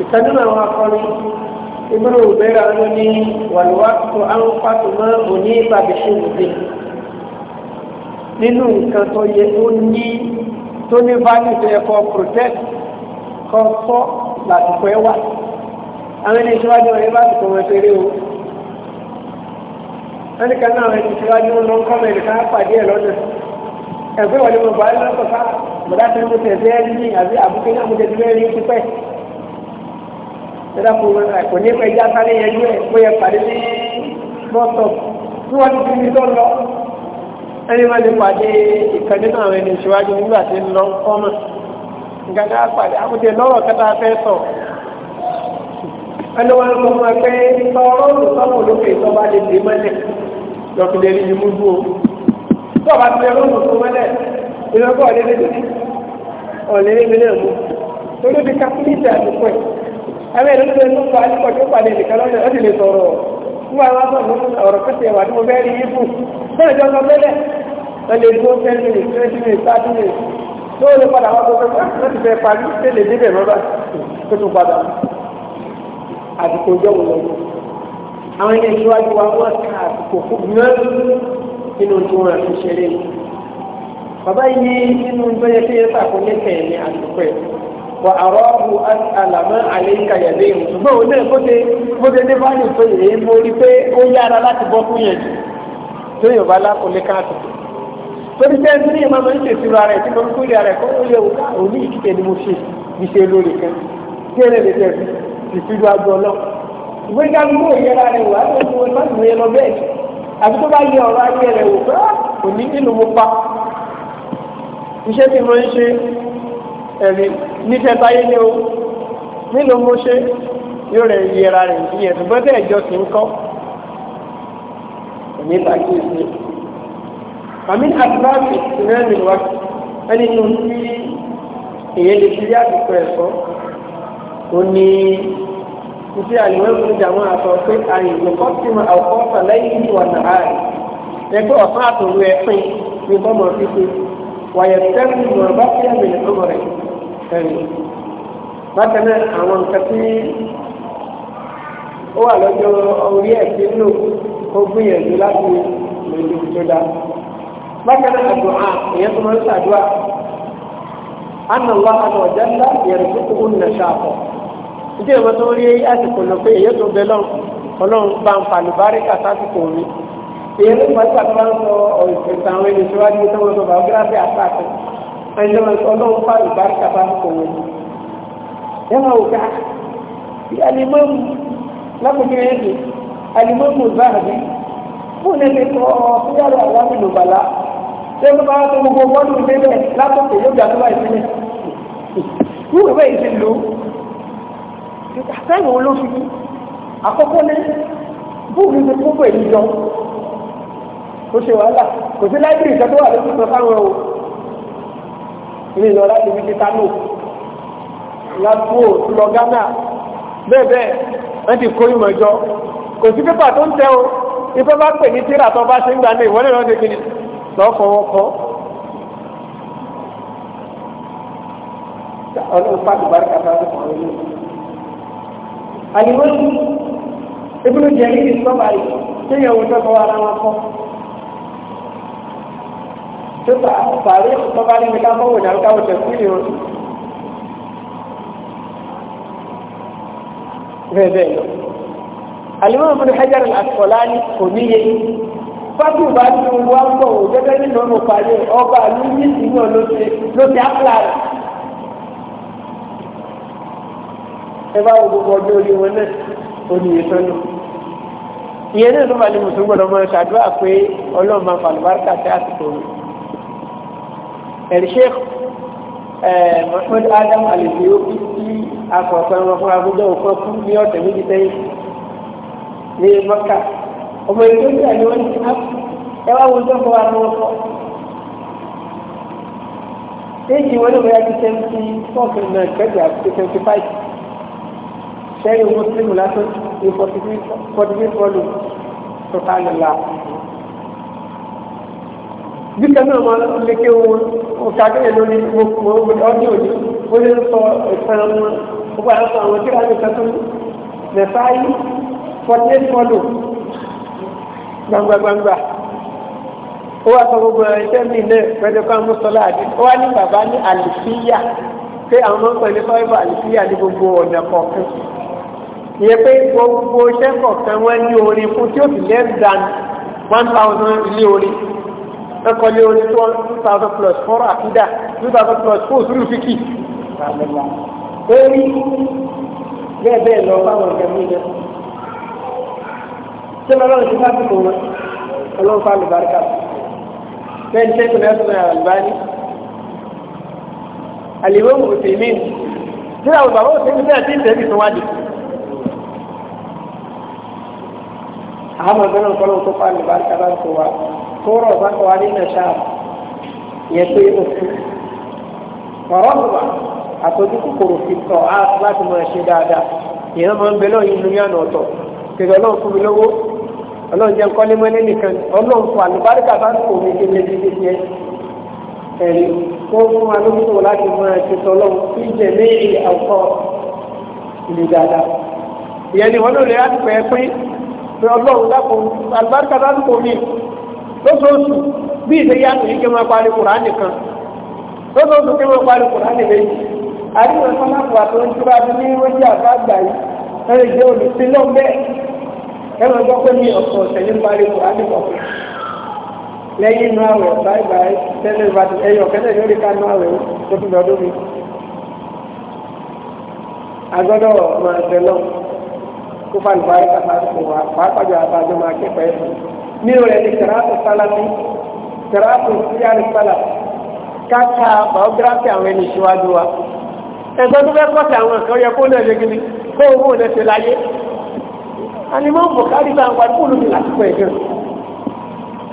ìkànnì àwọn akọni ibùdó òbẹ́ra ló ní wàlúwà tó àwọn pàtó máa ń ní òde nínú nǹkan tó yẹ ó ní tó ní value tó yẹ kọ́ protect kọ́ sọ́ làtìkọ́ ẹ wà àwọn ẹni ìṣíwájú ọ̀rẹ́ bá ti kọ́ wọn ṣeré o wọ́n ní kanáà rẹ̀ ti tiwájú ló ń kọ́mọ̀ ẹ̀ka pàdé ẹ̀ lọ́nà ẹ̀gbẹ́ wọlé mo bá lọ́kọ̀ ká bọ̀dá tí mo tẹ̀ bẹ́ẹ̀ ní àbí àbúké náà mo tẹ̀ bẹ́ẹ̀ ní pípẹ́ ẹ̀dá kò kò ní pẹ́ já sáré yẹn yú ẹ̀ pé ẹ pàdé ní mọ́tò tí wọ́n ti fi mi tó lọ ẹni máa ní pàdé ìkànnì náà rẹ̀ ní ìṣíwájú nígbà tí ń lọ kọ́mọ̀ nǹkan ká pàdé àkùtì lọ́rọ̀ kẹta lọ́tún lè rí imú dúró tó ọba tó yẹ lọ́nà tó mẹ́lẹ̀ ìlọ́gbọ́ ọ̀lẹ́lẹ́dẹ́ ọ̀lẹ́lẹ́dẹ́ mú torí bí kápúlìtì àdúgbò ẹ̀ ẹ̀mẹ́ ìlú tó ń lọ́kọ̀ àdúgbò tó pàdé nìkan lọ́nà ó sì lè sọ̀rọ̀ nígbà wọn bọ̀ nínú ọ̀rọ̀ pẹ̀sẹ̀ wà ní mo fẹ́ rí ibù bẹ́ẹ̀ jọ sọ mẹ́lẹ̀ wọ́n lè dúró ten minutes twenty minutes thirty minutes tó o lè padà wá tó fẹ́ ah, wọ́n ti fẹ́ parí tẹ́lẹ̀ débẹ̀ mọ́ba tó tún padà àdúgbò jọ́ wọn lọ́wọ́ àwọn ilé ìṣíwájú wa wọ́n ká àsìkò fún gbọ́n nínú tí wọ́n ti ṣeré ni bàbá yìí nínú tó yẹ kí yẹ sàkó ní tẹ̀lé àsìkò ẹ̀ wà àrọ́bù àlàmọ́ àlékà yẹ̀lé ìwọ̀n ṣùgbọ́n òun náà bóde bóde ní báyìí tó yẹ é mo rí pé ó yára láti bọ́ fún yẹn tó yẹ bá lákò ní ká àsìkò torí pé ẹni yẹn máa ń ṣèṣì ra rẹ̀ tí mo ń kúrò rẹ̀ kó ó yẹ òní ìkíkẹ́ ni mo ṣe ìṣe lórí kan kí ẹni ìwé kálukú òyìnbá rẹ̀ wò á tó ti wọ́n má ti wọ́n lọ bẹ́ẹ̀ àti tó bá yẹ ọ̀rọ̀ ayé rẹ̀ wò pé kò ní nínú mo pa iṣẹ́ tí mo ń ṣe ẹ̀rí nífẹ̀ẹ́ táyé ni o nínú mo ṣe yóò rẹ̀ yẹra rẹ̀ ìyẹn tó bọ́tẹ̀ ẹ̀jọ́ kì í kọ́ èmi ta kí n ṣe. àmì àtúbàbí ìrẹ́ mi wá ẹni nínú tí èyí lè fi yá àtúntò ẹ̀kọ́ ó ní ìṣe àlùmọ́ọ́mù ìjàmọ́ àtọ pé àyìnbó kọ́sìmọ̀ àwòkọ́sà lẹ́yìn ìwà nàárì ẹgbẹ́ ọ̀sán àtòrú ẹ̀pìn ní bọ́mọ̀ fífi wàyẹ̀ tẹ́lẹ̀ ìmọ̀ bá fi àmì ìfọmọ̀ rẹ̀ ẹ̀rì. bákan náà àwọn nǹkan tí ó wà lọ́jọ́ orí ẹ̀sìn nínú ó gbìyànjú láti lòdì tó dá. bákan náà àdùn à ìyẹn tó máa ń ṣàdúrà. anna allah àti ńlá yẹ̀rù tó kún un nà ṣáàpọ̀ ìdí ìwọ tó rí àsìkò lọ pé èyí tó bẹ lọ́n ọlọ́run bá ń falù bá rí kàtàkùkù mi èyí ló pàṣẹ àtàwọn sọ ìfẹsẹ̀ àwọn ẹni síwájú tó wọn sọ biography àtàkùn ẹni ọlọ́run falù bá rí kàtàkùkù mi. ẹ máa wò ká ah, alimọ́mù lápòkiri ẹ̀dì alimọ́mù záàbí fún ẹni tó fúyàrá àwọn ìlúbalá tí ó bá tó gbogbo wọ́n lù débẹ̀ látọ̀kọ̀ yóò gbà tó bá ìsinmi. wúwo bẹ́ẹ̀ ìsinmi lò ó sẹ́yìn olóṣù yìí àkọ́kọ́ ní búùkù ti púpọ̀ èyí jọ kò ṣe wàhálà kò sí láìpẹ́ ìjọ tó wà lóṣù tó sáwọn o ilé ìlọ láti fi ti kánò lápò lọ Ghana bẹ́ẹ̀ bẹ́ẹ̀ wọ́n ti kó ìmọ̀ jọ kò sí pépà tó ń tẹ o ìfẹ́ bá pè ní tíra tó bá ṣe ń gbà ní ìwọ́n náà ṣe kiri lọ́ fọwọ́ kọ́. ọlọ́run pàtó bá rí kàtà ọ̀rọ̀ yìí àdìmọ́lù ìbúrú jẹ́ ìdí sọ́bà yìí tí ìyàwó tó kọ́ ara wọn kọ́ tó bá bàrí sọ́bà ní ká mọ́wò ní àrùkáwò tẹ̀kú ni wọn. bẹ́ẹ̀ bẹ́ẹ̀ lọ àdìmọ́lù ìbúrú Hajar al-Asqalani kò níye fábù bá tún wá pọ̀ òjẹ́gẹ́ nínú ọmọ pàdé ọba àlú ní ìsìn náà ló ti ápùlà rẹ̀. ẹ bá wo gbogbo ọjọ́ orí wọn náà ó ní iye tán lọ. ìyẹn náà ló bá ní mùsùlùmí gbọdọ̀ máa ṣàdúrà pé ọlọ́run máa fàlùbáríkà sí àsìkò rẹ̀. ẹ̀ríṣẹ́ Mahmoud Adam Alèbí ó fi sí akọ̀ọ̀kan wọn fún abúlé òkan kú ní ọ̀sẹ̀ méjì sẹ́yìn ní Mọ́kà. ọmọ ìlú ní àyè wọn ti há ẹ wá wo ọjọ́ fún wa ní wọn fọ́. éèjì wọn ní wọn yá ti seventy four kìlọ̀ kẹ́jọ àti seventy sẹ́yìn mùsùlùmù lásán ní fọdùmí fọlù sọ̀tàlélà. bí kanáà máa lékè wọn ọ̀ka akẹ́yẹ̀ lórí ọdún òní ó lè sọ ẹ̀sán wọn ó bá sọ àwọn tí wọ́n ti sẹ́tún nẹ̀fáyì fọdùmí fọlù gbangba-gbangba ó wá sọ gbogbo ẹ̀ṣẹ́ mi náà pẹ̀lú kan mú sọlá àdé ó wá ní bàbá ní àlùfíà pé àwọn máa pẹ̀lú sọ́yìnbó àlùfíà ní gbogbo ọ̀nà kọ̀ọ̀kan ìyẹn pé gbogbo iṣẹ́ kọ̀ọ̀kan wọ́n ní orin fún tí ó sì less than one thousand ilé orin ẹ̀kọ́ lé orin two thousand plus four àkídà two thousand plus four sùúrù fíkì. orí bẹ́ẹ̀ bẹ́ẹ̀ lọ báwọn ọ̀gá mi lọ. ṣé lọ́lọ́run ti bá ti kò wọ́n ọlọ́run fa lùbáríkà bẹ́ẹ̀ ni sẹ́kùn náà sọ̀rọ̀ àlùbárí. àlèwé òmùtèmí nígbà wo bàbá òtẹ́mi náà ti àmọ́ ìgbẹ́ náà kọ́lọ́ tó fà ní bàtà bá tó wa tó rọ̀ bá tó wa ní nàṣà yẹ pé o kú ọ̀rọ̀ tó wa àtọ́jú kòkòrò fi tọ̀ á láti mọ̀ ẹ̀ṣẹ̀ dáadáa ìyẹn máa ń bẹ lọ́yìn inú yànnà ọ̀tọ̀ kẹ̀kẹ́ ọlọ́run fún mi lọ́wọ́ ọlọ́run jẹ́ kọ́lé mọ́ ẹlẹ́nìkan ọlọ́run fún àlùbáríkà bá tó omi ṣe lébi ṣe tiẹ̀ ni wọ́n lò lè láti pẹ́ pín pé ọlọ́run dákun àlùbáríkà dákun mi lóṣooṣù bí ìdíyàtọ̀ yìí kí wọ́n parí kùránì kan lóṣooṣù kí wọ́n parí kùránì méjì àdúgbò sọ́nàpù àti ojúra bí ní wọ́n jẹ́ àgbà yìí ẹ̀rẹ̀ jẹ́ olùsí lọ bẹ́ẹ̀ ẹ̀rọ gbọ́ pé mi ọ̀sán ọ̀sẹ̀ ní parí kùránì kọ̀ọ̀kan lẹ́yìn inú àwẹ̀ báyìí báyìí tẹ́lẹ̀ ìbàdàn ẹ̀yọ̀ kẹ́lẹ̀ lórí ká inú àwẹ̀ tó tún lọ́dún mi. àgọ́dọ̀ máa tẹ lọ́wọ́ kó fa àlùbáríkà sásìkò wa pàápàá jọ àtàjọ máa kẹ́kọ̀ọ́ ẹ̀sìn nínú rẹ̀ ni kẹ̀ráàtù sálábí kẹ̀ráàtù síyárì sálà káka biography àwọn ẹni ìṣíwájú wa ẹgbẹ́ tó fẹ́ kọ́sì àwọn kan yẹ kó náà lẹ́gìnì kó owó náà ṣe láyé ànímọ́ bùkárí bá ń wá kúlù mi lásìkò ẹ̀jẹ̀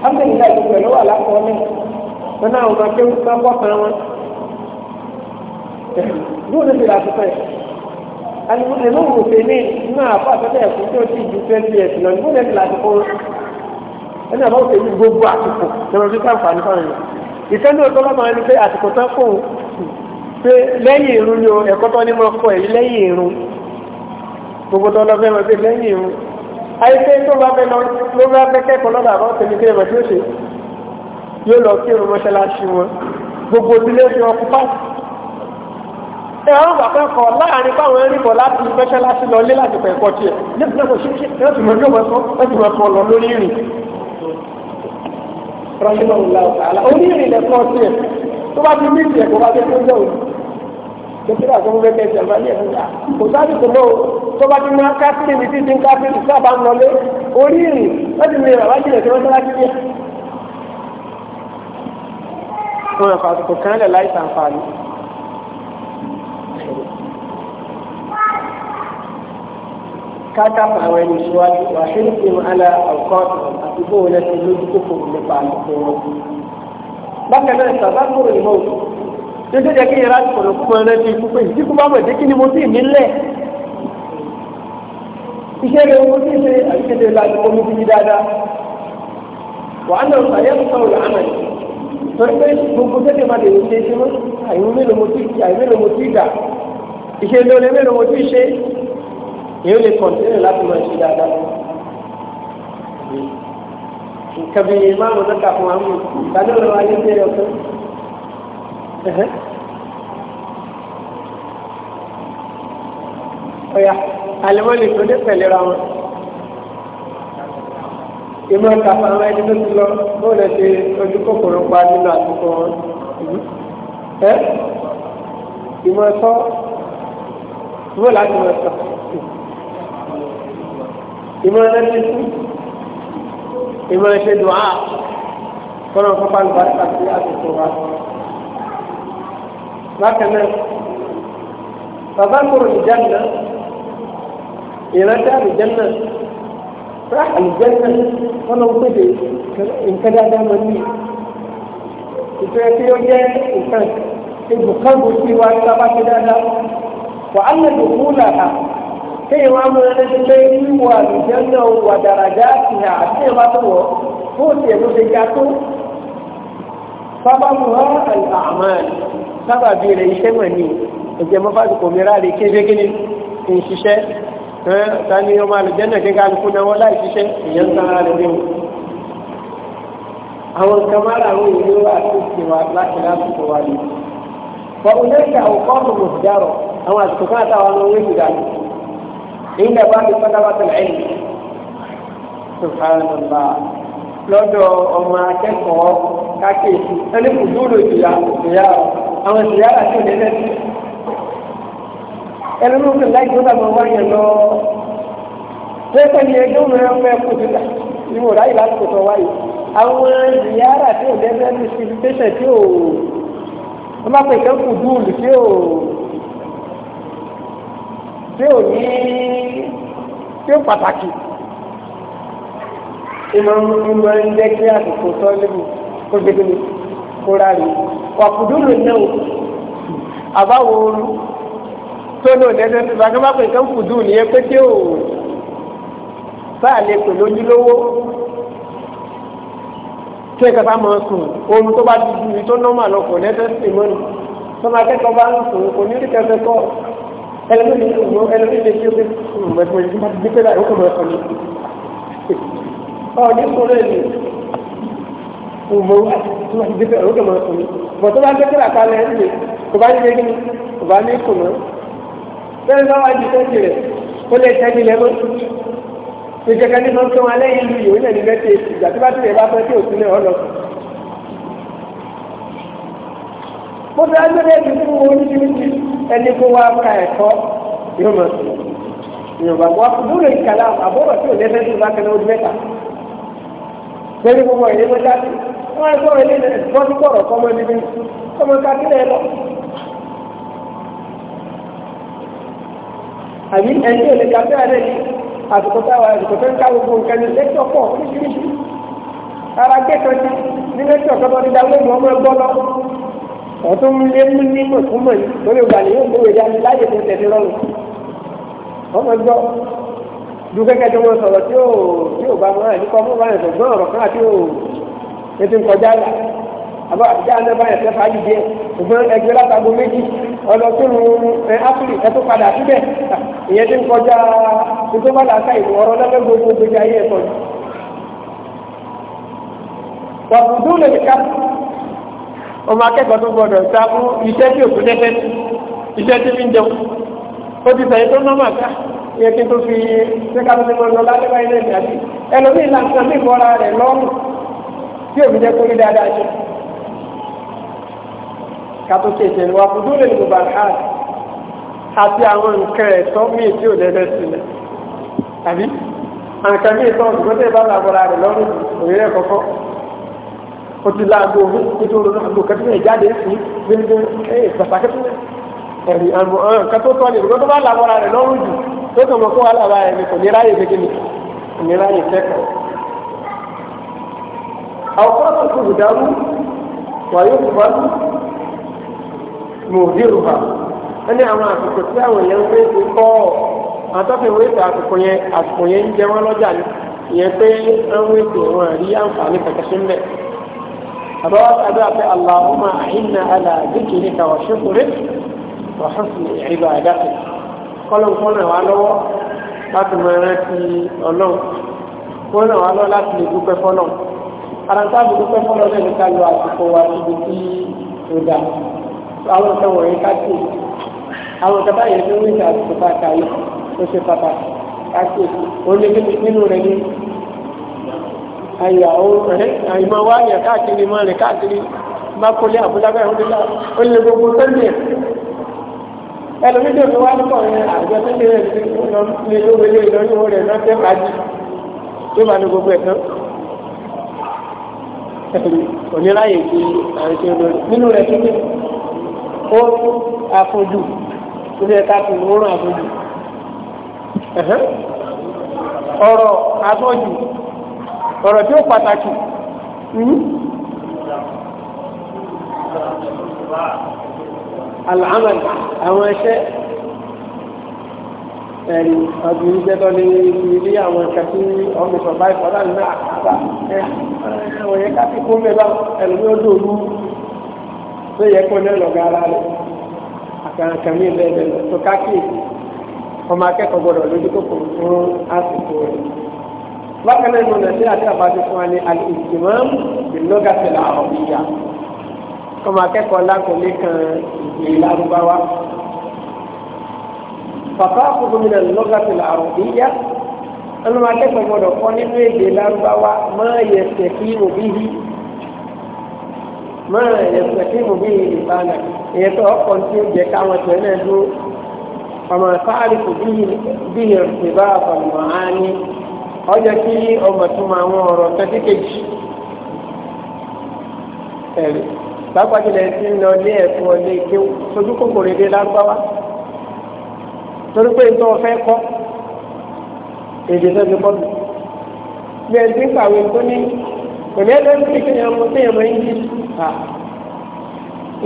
ábẹ́ni náà ti pẹ̀lú wà lápò ọ́nẹ́ nínú ẹ̀mọ́ wò pé ní inú àbá àtọ́tẹ̀ ẹ̀kú tó ti ju twenty years lọ ní bóyá ìlànà kọ́ ẹni àbá òkè ní gbogbo àsìkò lọ́wọ́ fi káǹfà ní fáwọn èèyàn ìfẹ́ ní ọjọ́ lọ́mọ ẹni pé àsìkò tán fóun pé lẹ́yìn irun ni o ẹ̀kọ́ tó ní mọ́ kọ́ èyí lẹ́yìn irun gbogbo tó lọ́fẹ́ mọ́ pé lẹ́yìn irun àìsẹ́ tó bá fẹ́ lọ ló bá fẹ́ kẹ́kọ̀ọ́ lọ́dọ̀ àbá òkè ní kí ẹ̀mọ́ tí ó ṣe ẹ ọ wà kẹ́kọ̀ọ́ láàrin báwọn ẹrìbọ̀ láti fẹ́ṣẹ́ láti lọ lé láti pẹ̀ ẹ̀kọ́ tiẹ̀ níbi náà kò ṣe ṣe ẹ ti mọ ẹjọ́ mọ sán ẹ ti mọ ẹkọ lọ lórí ìrìn. rọ́ṣílọ́ọ̀lá ọ̀tàlá orí ìrìn lẹ́kọ́ tiẹ̀ tó bá ti mí ìtì ẹ̀kọ́ bá fẹ́ fún jẹ́ òní. dókítà tó ń bẹ́ẹ̀ tẹ̀ máa yẹ kó sáré tó lọ tó bá ti máa káfíìn ní títí káfíìn sábà ń lọlé orí ìrìn láti lè rà wájú rẹ̀ tó wọ́n sá káàkà fún àwọn ẹni ìṣíwájú wà ṣe ń fi hàn àwùkọ́ àti bó wọn ti lójú kòkòrò nípa àlùkò wọn. bákan náà sábà kúrò ìmọ̀ òkú tó tó jẹ́ kí yẹra kọ̀rọ̀ fún wọn lẹ́bi ikú pé ìdíkú bá mọ̀ dé kí ni mo sì mí lẹ̀. iṣẹ́ rẹ̀ mo sì ṣe àyíkéde láti omi bíbí dáadáa. wàá lọ sàyẹ̀ sọ̀rọ̀ làánà yìí torí pé gbogbo tẹ́tẹ̀ máa lè ṣe é ṣe mọ́ àyè mélòó mo ti gbà iṣẹ́ lóore mélòó mo èyí lè kọ̀ǹtínú láti máa ṣe dáadáa nǹkan bíi márùn mẹ́ta fún wa mú ìdáná lọ wáyé bẹ́ẹ̀ ọ̀tún ọ̀yà àlẹ́mọ́ lè tó dé pẹ̀lú ra wọn ìmọ̀ kàfà àwọn ẹni tó ti lọ bó lè ṣe ojú kòkòrò pa nínú àtúkọ wọn ìmọ̀ ẹ̀kọ́ bó láti mọ̀ ẹ̀kọ́ ìmọ̀ ẹlẹ́sìn ìmọ̀ ẹ̀ṣẹ̀ dùn á kọ́nà pápá lùbá àti àtúntò wa. bákan náà bàbá kúrò ìjánná ìrántí àlùjánná rà àlùjánná kọ́nà péde nǹkan dáadáa máa ní ìtura tí ó jẹ́ nǹkan ibùkán bó ti wá ní bàbá tó dáadáa wà á lè dùn kéèyàn wá mú ẹni pé wíwọ àlùjẹ́ náà wà dàràjà ti hà kéèyàn bá tó wọ̀ fóòtù ẹ̀ ló ṣe ga tó sábàbù ha àmàn sábàbí rẹ̀ iṣẹ́ mọ̀ ní ẹ̀jẹ̀ mọ́fàtí kò mìíràn rẹ̀ kéde kí ni kì í ṣiṣẹ́ ta ni ọmọ àlùjẹ́ náà kéka ló kún náwó láì ṣiṣẹ́ ìyẹn ń sanra rẹ̀ léwu. àwọn kamara àwọn ìlú àtúntì wa láti lásìkò wa ni. wọ́n ní ká òkọ́ ọ̀dùnmọ̀ dárọ̀ àwọn àtúntò kan àtàwọn ọmọ orí ìlà bá ti pátápá tó lẹ́yìn subhanallah lọ́dọ̀ ọmọ akẹ́kọ̀ọ́ kákéèsì ẹni kò dúró ìjìyà ìjìyà àwọn ìjìyà àti òdẹ́lẹ́ sí ẹni ló ń láì tó dàgbà wáyé lọ pẹ́pẹ́ ni ẹjọ́ mi rán fẹ́ kó dídà ni mo ráyè láti kòtò wáyé àwọn ìjìyà àti òdẹ́lẹ́ ní civilization tí ò wọ́n bá pè dúró tí ò tí ò ní tí ó pàtàkì ìmọ̀ ìmọ̀ ń jẹ́ kí àsìkò tọ́ léwu kó gbẹgbẹ́ kó rárí wàkùdúró náà àbáwo ooru tó lò lẹ́sẹ̀ tó bàtà bá pè kán kùdú nìyẹn pé tí ò bá lè pè lójúlówó tí ẹ̀ka bá máa sùn ooru tó bá dúdú tó nọ́mà lọ kò lẹ́sẹ̀ sí mọ́ni tó máa kẹ́kọ̀ọ́ bá ń sùn kò ní rí kẹfẹ́ kọ́ ẹlẹ́mìí ní ìlú ẹlẹ́mìí lè ṣe pé mẹ̀tọ́ ìdí máa gbé pẹ́lá ìwọ́kọ̀ mọ̀ ẹ̀kọ́ ni ọ̀dí sọ̀rọ̀ ẹ̀ ní ìmọ̀ tí wọ́n ti gbé pẹ́lá ìwọ́kọ̀ mọ̀ ẹ̀kọ́ ni bọ̀ tó bá gbé pẹ́lá kalẹ̀ ẹ̀ ní kò bá ní gbégi kò bá ní kùnà bẹ́ẹ̀ lọ́wọ́ àjù tẹ́jì rẹ̀ ó lè tẹ́jì lẹ́mọ́ ìjẹ̀kẹ́ ní mọ́tò alẹ́ ìlú yìí ó lè ní mẹ́tẹ̀ẹ́ ìgbà tó bá tilẹ̀ bá fẹ́ tí ò mo fẹ́ agbẹ́rẹ́ ẹ̀dùn fún oríṣiríṣi ẹni kó wá ka ẹ̀kọ́ yóò mọ̀ sí yorùbá wa lórí ìkàlà àbọ̀rọ̀ tí ò lẹ́sẹ̀ tó bá kẹ́lẹ́ ojú mẹ́ta lórí gbogbo ẹ̀yẹ mẹ́ta sí wọ́n á sọ̀rọ̀ ilé ẹ̀fọ́ tó kọ̀rọ̀ kọ́mọ níbi kọ́mọ kakílẹ̀ lọ. àbí ẹni ò lè ka fẹ́ alẹ́ yìí àsìkò táwa àsìkò fẹ́ ká gbogbo nǹkan ní lẹ́tọ̀ pọ̀ ọ̀tún lé mú ní mọ̀kúmọ̀ yìí torí ìgbà ni yóò mú ìdá mi láyé tó tẹ̀lé rọrùn ọmọ gbọ́ ju kẹ́kẹ́ tó mọ sọ̀rọ̀ tí yóò tí yóò bá mọ́ ẹ̀ nípa ọmọ báyìí tó gbọ́n ọ̀rọ̀ kan àti yóò ètò ìkọjá rà àbá àbíjá ẹ̀ báyìí ẹ̀fẹ́ fàájì díẹ̀ ṣùgbọ́n ẹgbẹ́ látago méjì ọlọ́tún ẹ áfírí ẹtún padà síbẹ̀ ìyẹn ti ń kọjá tuntun padà ká ìlú ọ̀rọ̀ lọ́gbẹ́ gbogbo gbogbo ayé ẹ̀kọ́ yìí. wàhùn dúró lè ká ọmọ akẹ́kọ̀ọ́ tó gbọdọ̀ sá fún iṣẹ́ tí òkú tẹ́tẹ́ iṣẹ́ tí fi ń jẹun ó ti sẹ̀yìn tó ná mà ká yẹ kí n tó fi ṣẹ́ka tó ti mọ lọ lálẹ́ báyìí lẹ́yìn àti ẹlòmíì làǹkà mí bọ́ra rẹ̀ lọ́rùn tí òbí jẹ́ kórè dáadáa ṣe kátó o ti láago mi nítorí olórí àgbo kẹtùmí ìjáde sí gbẹngbẹ ẹ bàbá kẹtùmí ẹ̀rí àmọ́ kẹtù tó ní ìgbọ́dọ̀ bá làwọn rẹ̀ lọ́rùn jù tó tó mọ̀ kó wà lára ẹ̀mí kò ní ráyè gbẹgbẹ́ mi kò ní ráyè kẹ́kọ̀ọ́. àwòkọ́ tó kù dàrú wàyó kù bá mò dìrù bá ẹni àwọn àsìkò tí àwọn èèyàn ń gbé ti kọ́ àtọ́fẹ̀wé ìta àsìkò yẹn àsìkò yẹn ń jẹ wọn lọ́jà ni ìyẹn pé àwọn ètò wọn àrí àǹfààní kàkàṣe ń bẹ̀ àbáwá sàdúrà pé Allahumma a'inna ala dhikrika wa shukrika wa husni ibadatik kọ́lọ̀kọ́lọ̀ wà lọ́wọ́ láti mọ ẹrẹ́ ti ọlọ́run kọ́lọ̀ wà lọ́wọ́ láti lè dúpẹ́ fọ́lọ̀ arantáàbù dúpẹ́ fọ́lọ̀ náà ní ká lo àsìkò wa síbi tí ó dà àwọn nǹkan wọ̀nyí ká sí àwọn nǹkan báyìí ní oríṣi àsìkò tá a kà yìí ó ṣe pàtàkì ká sí òun ní nínú rẹ̀ ní àyàwó àìmọ̀ wá yẹ káàkiri mọ́ rẹ̀ káàkiri bá kólé àbújá bẹ́ẹ̀ ó lè gbogbo sẹ́ńdì ẹ̀ ẹlòmídìí òfin wá lọ́kọ̀ yẹn àjọ sẹ́ńdì rẹ̀ ti lè lówó ilé ìlọ́yìn rẹ̀ náà tẹ́ bàjẹ́ tó bá ní gbogbo ẹ̀ tán oníláyè ti àrùn ṣe lórí nínú rẹ̀ tó ní ó àfojú ilé ẹ̀ka tó ń rún àfojú ọ̀rọ̀ àfojú ọ̀rọ̀ tí ó pàtàkì hmm? al'amal àwọn ẹṣẹ́ ẹ̀rì ọdún ìjẹ́tọ́ ní ilé àwọn kẹfí ọmọ ìfọ̀bá ìfọ̀dá ní àkàbà àwọn ẹ̀yẹ káfí kó mẹ́bà ẹ̀lùmí ó dòrú tó yẹ kó ní ọlọ́gá ara rẹ̀ àkàràkà ní ilẹ̀ ẹ̀lẹ̀ tó káàkiri ọmọ akẹ́kọ̀ọ́ gbọ́dọ̀ lójú kòkòrò fún àsìkò rẹ̀ bákan náà ìmọ̀nà sí àti àbájọ fún wa ní alìsìmọ́m ìlọ́gàfẹ́lá àrọ̀bíyà ọmọ akẹ́kọ̀ọ́ lákòólé kan ìgbé lárúbáwá bàbá àkókòmínà ìlọ́gàfẹ́lá àrọ̀bíyà ọmọ akẹ́kọ̀ọ́ gbọ́dọ̀ kọ́ nínú èdè lárúbáwá máa yẹ sẹ̀kí òbíhi máa yẹ sẹ̀kí òbíhi ìbánà ìyẹn tó ọkọ̀ tí ó jẹ káwọn tẹ̀ náà dúró ọmọ sáà ọjọ́ kí ọmọ tó máa wọn ọ̀rọ̀ kẹ́tíkejì ẹ̀rí lápájúlẹ̀ tí ń lọ ní ẹ̀fún ọ̀lẹ́ ike sojú kòkòrò èdè lágbáwá torí pé nítorí ọ̀fẹ́ kọ́ èdè tó ti kọ́ mi bí ẹni tí ń kàwé tó ní kò ní ẹgbẹ́ tí kí ni ọmọ tí èèmọ̀ ń yí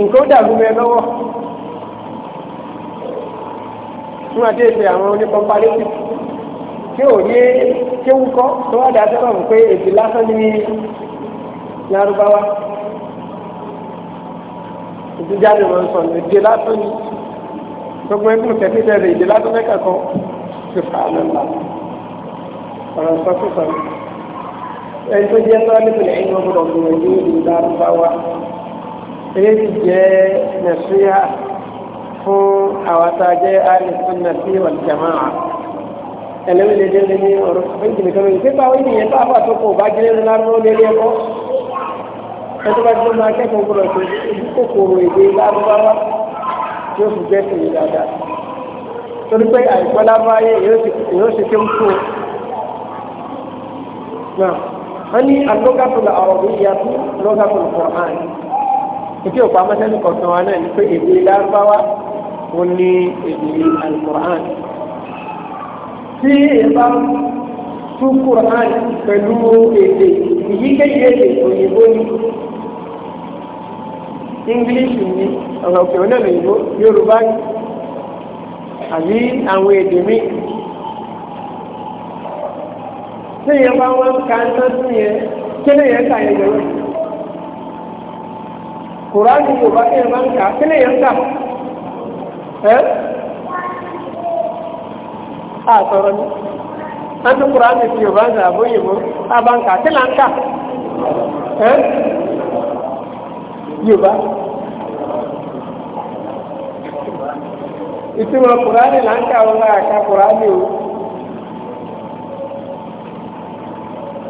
nǹkan ó dàbí mi lọ́wọ́ fún àti èsì àwọn onípọ̀npá létí tí ò yé kéwú kọ́ tó wá dáa sọ́rọ̀ pé èdè lásán ní lárúbáwá ìdíjáde wọn sọ èdè lásán ní gbogbo ẹgbẹ́ tẹ̀lé tẹ̀lé èdè lásán mẹ́ka kan tó fà á lọ́la ọ̀rọ̀ sọ́kùsọ ẹni tó jẹ́ sọ́ọ́ nípìnlẹ̀ ẹ̀yìn wọn gbọ́dọ̀ gbìyànjú èdè lárúbáwá eléyìí jẹ́ nàìjíríà fún àwọn tá a fún nàìjíríà wal jamaa ẹlẹ́wìn lè délé ní ọ̀rọ̀ méjì nìkan méjì pípa àwọn ènìyàn bá bá tó kò bá jẹ́ nínú lárúbọ́ lé ilé ẹ̀kọ́ ẹtọ́ bá jẹ́ máa kẹ́kọ̀ọ́ gbọ́dọ̀ tó ojú kòkòrò èdè lárúbáwá tí ó fi jẹ́ tèmi dáadáa torí pé àìpẹ́ lábáyé yóò ṣe ké ń fò náà wọ́n ní alógàtòlà ọ̀rọ̀ bí ìyá tó lógàtòlà fọ̀ hàn ìdí òpá mẹ́tẹ́lì kọ̀ọ̀tàn wa náà ní pé èdè lárúbáwá wọn èdè alùpùpù tí ìbá tú Quran pẹ̀lú èdè ìyíkéyìí èdè òyìnbó ni English ni ọ̀rọ̀ òkè ọ̀nà òyìnbó Yorùbá ni àbí àwọn èdè míì tí yẹn bá wọn ka ń tán sí yẹn kí ni yẹn kà yẹn lọ́wọ́ Quran Yorùbá kí yẹn bá ń kà kí ni yẹn kà ẹ́ àtọ̀rọ̀ ni wọ́n tún kúrò àti yorùbá ń sàbó yìnbó abáǹkà tí là ń kà ẹ́ yorùbá ìtumọ̀ kùránì là ń kà wọn náà ká kùránì o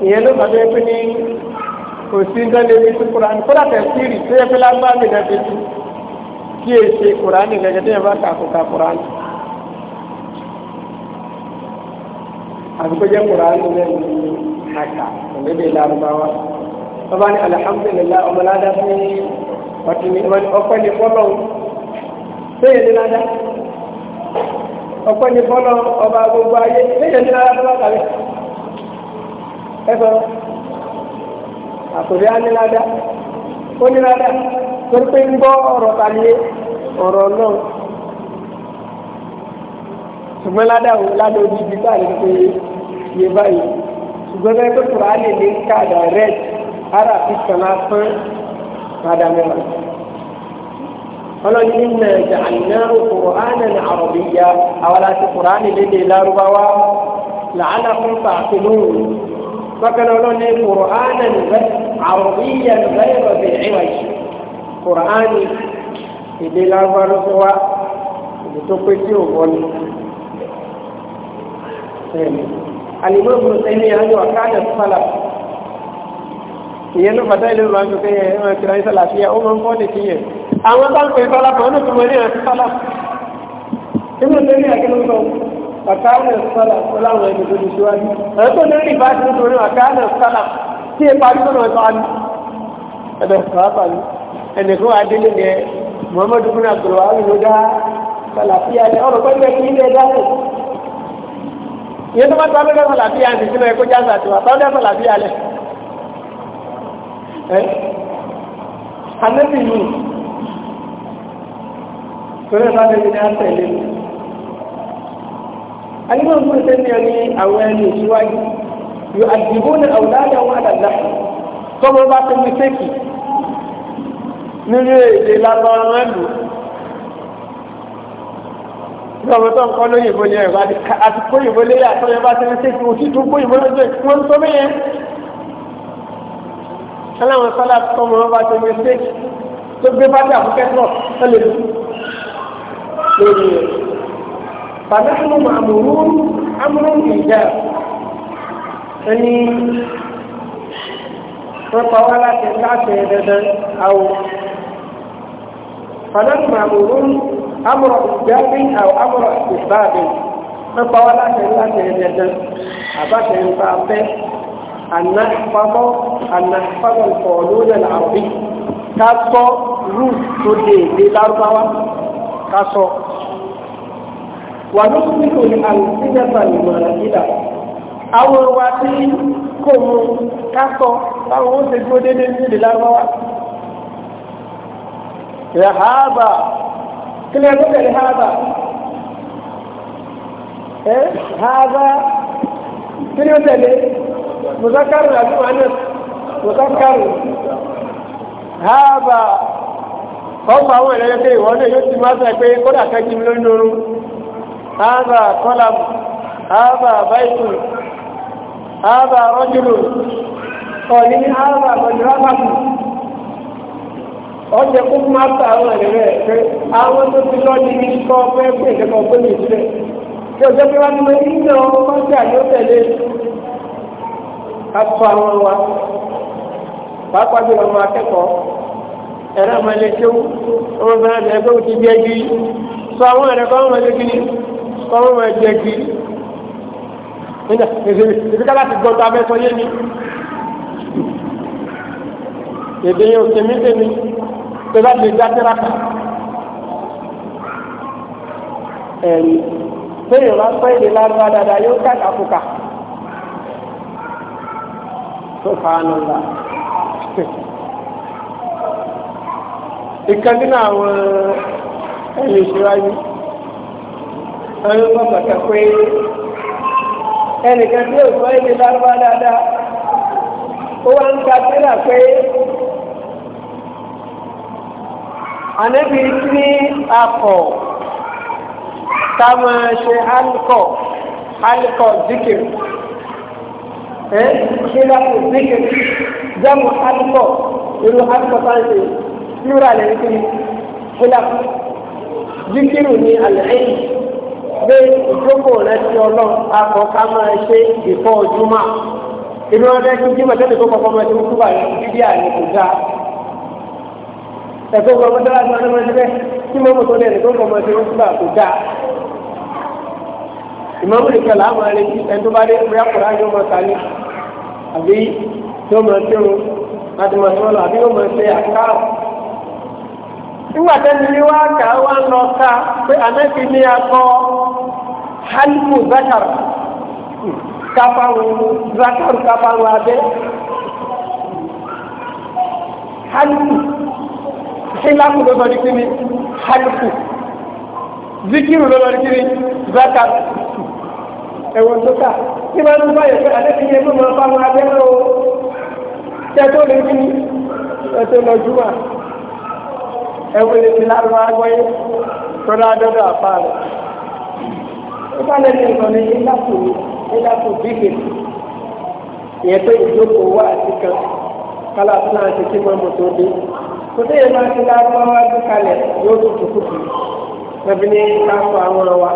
ìyẹn ló bàbá ẹgbẹ́ ní òsì ń dánlé ní sí kùránì kó dàtẹ̀ sírì tó yẹ pé lágbá mi náà fi tú kí èsì kùránì gẹ́gẹ́ tí yẹn bá kà kó ka kùránì. àbíkọ́jẹ́ kùránì lẹ́nu àkà òmìnira lárúbáwá ọba ní alihamudulilá ọmọládá fún ọtúnmí ọpẹ́ ní fọ́lọ́ sẹ́yìn ní ládá ọpẹ́ ní fọ́lọ́ ọba gbogbo ayé sẹ́yìn ní ládá tó bá kàwé ẹ sọ̀rọ̀ àkùrẹ́ á ní ládá ó ní ládá torí pé ń gbọ́ ọ̀rọ̀ kàlíyé ọ̀rọ̀ náà ṣùgbọ́n ládá ò ládá ojú ibi táà ní pé yé báyìí ṣùgbọ́n bẹ́ẹ̀ tó kura á lè lè ká direct ara fi kàn á fún padà mẹ́wàá. ọlọ́ni nínú ẹ̀jẹ̀ àná òkòrò ánà ní àròbí ya àwọn láti kura lè lè lè lárúbáwá làánà fún fàákìlú. bákan náà ọlọ́ni kòrò ánà ní bẹ́ẹ̀ àròbí ya ní bẹ́ẹ̀ rọ̀ bẹ̀ ẹ̀wà yìí. kòrò ánì ìdè lárúbáwá ló fi wá ìdè tó pé tí alimọ́ ìbùnú sẹ́yìn yẹn lọ́jọ́ káàdà sọ́là ìyẹn ló fàtà ìlú ìlú àjọkẹ́ yẹn ẹ̀rọ ìtura ìsàlà sí ẹ̀ ó máa ń fọ́ ní kíyẹn àwọn bá ń pè sọ́là kan ní ìtumọ̀ ní ẹ̀sọ́ sọ́là ìbùnú sẹ́yìn yẹn ló sọ wàkàánà sọ́là ọláwọn ẹni tó ti síwájú ẹ̀rọ tó ní ìbá ti nítorí wàkàánà sọ́là tí ipa rí sọ́nà ọ̀tọ́ àmì ẹ̀dọ̀ sọ́lápà ni ẹnìkan wà délé ní ẹ Muhammadu bin Abdul Wahab ló dá sọ́là fíyà ní ọ̀rọ̀ pẹ́ẹ́lẹ́ kí ilé dá ìyẹn tó bá tó abẹ́rẹ́ sàlàfíà ní sínú ẹ̀kọ́ jáde àti wà sáwọ́dẹ́ sàlàfíà lẹ̀. Àlébì mi, torí ẹ̀fà mi ní àtẹ̀lé. Àlébì mi ṣe ní ẹni àwọn ẹni ìṣíwájú. Yóò àdìbò ní àwùdáàdà wọn àdàdà. Tọ́mọ bá tó mi sékì. Nílé èdè lábọ́ ọmọ ẹ̀lú lọ́wọ́ tó ń kọ́ lóyìnbó ni ẹ̀rọ àti kóyìnbó léyà tó yẹ bá ti ń ṣètò òṣìṣú kóyìnbó lójú wọn tó bẹ́yẹn. aláwọn sọ́lá tó mọ ọba tó ń ṣe tó gbé bá dà fún kẹ́tọ̀ tó lè lórí rẹ̀. bàbá tó mọ àmúrú àmúrú ìjà ẹni wọ́n pa wá láti láti dandan àwọn. bàbá tó mọ àmúrú amúrò ìjáde àwọn amúrò ìbáàbí nípa wá láti rí láti rí dandan àbáṣe nípa fẹ́ anáfàmọ́ anáfàmọ́ ìfọ̀ọ́lú lẹ́nu àrùbí ká sọ rú tó dé èdè lárúbáwá ká sọ. wà ló ń nílò ní àlùsíjẹ́fà ìmọ̀ àdìdà àwọn wa tí kò mú ká sọ báwọn kílẹ̀ tó tẹ̀lé hábà ẹ́ hábà kílẹ̀ tó tẹ̀lé mùsákàrù àti màánà mùsákàrù hábà ọ̀pọ̀ àwọn ẹ̀rẹ́ pé ìwọ́n náà yóò ti máa sọ pé kódà kẹ́kí mi ló ń dorú hábà kọ́làmù hábà báyìí hábà rọ́jùlù ọ̀ní hábà bọ̀dùrábàkù ọjà kó fún apá àwọn ẹ̀rẹ́ ẹ̀fẹ́ àwọn tó ti lọ́ọ́ di ní kọ́ fẹ́ pé ìjọba ọgbẹ́ mi sílẹ̀ kí ọjọ́ pé wá ní wọ́n ní ọmọ kọ́ńtà ló tẹ̀lé akọ àwọn wa pàápàá bí ọmọ akẹ́kọ̀ọ́ ẹ̀rọ ọmọ ilé tó ọmọ bẹ̀rẹ̀ bẹ̀rẹ̀ pé ó ti jẹ́ bí sọ àwọn ẹ̀rẹ́ kọ́ ọmọ ẹ̀jẹ̀ kí kọ́ ọmọ ẹ̀jẹ̀ kí nígbà ìbí ká láti gbọ́ tó sọ yé mi èdè yóò tèmi tèmi tẹ́lá lè dá tẹ́lá kà ẹ̀rí téèyàn bá pẹ́ ìdè lárúbá dáadáa yóò kàkàkùkà tó fàánù ńlá. ìkan nínú àwọn ẹ̀yìn ìṣíwájú ọdún pàtàkì pé ẹnìkan tí yóò pẹ́ ìdè lárúbá dáadáa ó wá ń ka tẹ́lá pé ànábì tí akọ̀ ká máa ṣe alkọ̀ alkọ̀ zikir ẹ́ kí lápò zikir jẹ́mu alkọ̀ irú alkọ̀ sáńsì plural ẹ̀ kí kí lápò zikiru ní alẹ́yìn gbé ìjókòó rẹ sí ọlọ́run akọ̀ ká máa ṣe ìfọ́ ojúmọ́ inú ọdẹ tí jímọ̀ tẹ́lẹ̀ tó kọ́kọ́ máa ṣe ń túbà ní bíbí àyè kò dáa ẹ̀kọ́ kan mọ́sálásí wọn lọ́mọ ẹgbẹ́ tí mọ́mú tó lẹ́nu tó kọ́ mọ́ ẹgbẹ́ wọn túbà kó dáa. ìmọ̀mú nìkan làá máa retí ẹni tó bá dé bí akọ̀rọ̀ ayé ọmọ ta ni àbí tó mọ̀ ẹtí òun láti mọ̀ sọ́nà àbí ó mọ̀ ẹsẹ̀ àkáà. nígbà tẹ́ni ní wá kà wá lọ ká pé àmẹ́sì ní akọ halimu zakar káfáwọn zakar káfáwọn abẹ́ halimu hilamu ló sọ di kí ni halifu zikiru ló sọ di kí ni zakat ẹ̀wọ̀n tó ta tí wọ́n ń báyìí pé alẹ́ ti yẹ kó máa bá wọn abẹ́rẹ́ o tẹ́ tó lè kí ẹ̀tọ́ lọ júmọ̀ ẹ̀wọ̀n lè ti lárúbá gbọ́yé tọ́lá dọ́dọ̀ àpá rẹ̀ ó bá lẹ́nu ìtàn ní ilàkù ilàkù bíkè ìyẹn pé ìjókòó wà àti kan kálá fún àti kò sí èyí máa ti ká tó wá gbé kalẹ̀ yóò tutù kùtù nàbí ní ká sọ àwọn wa.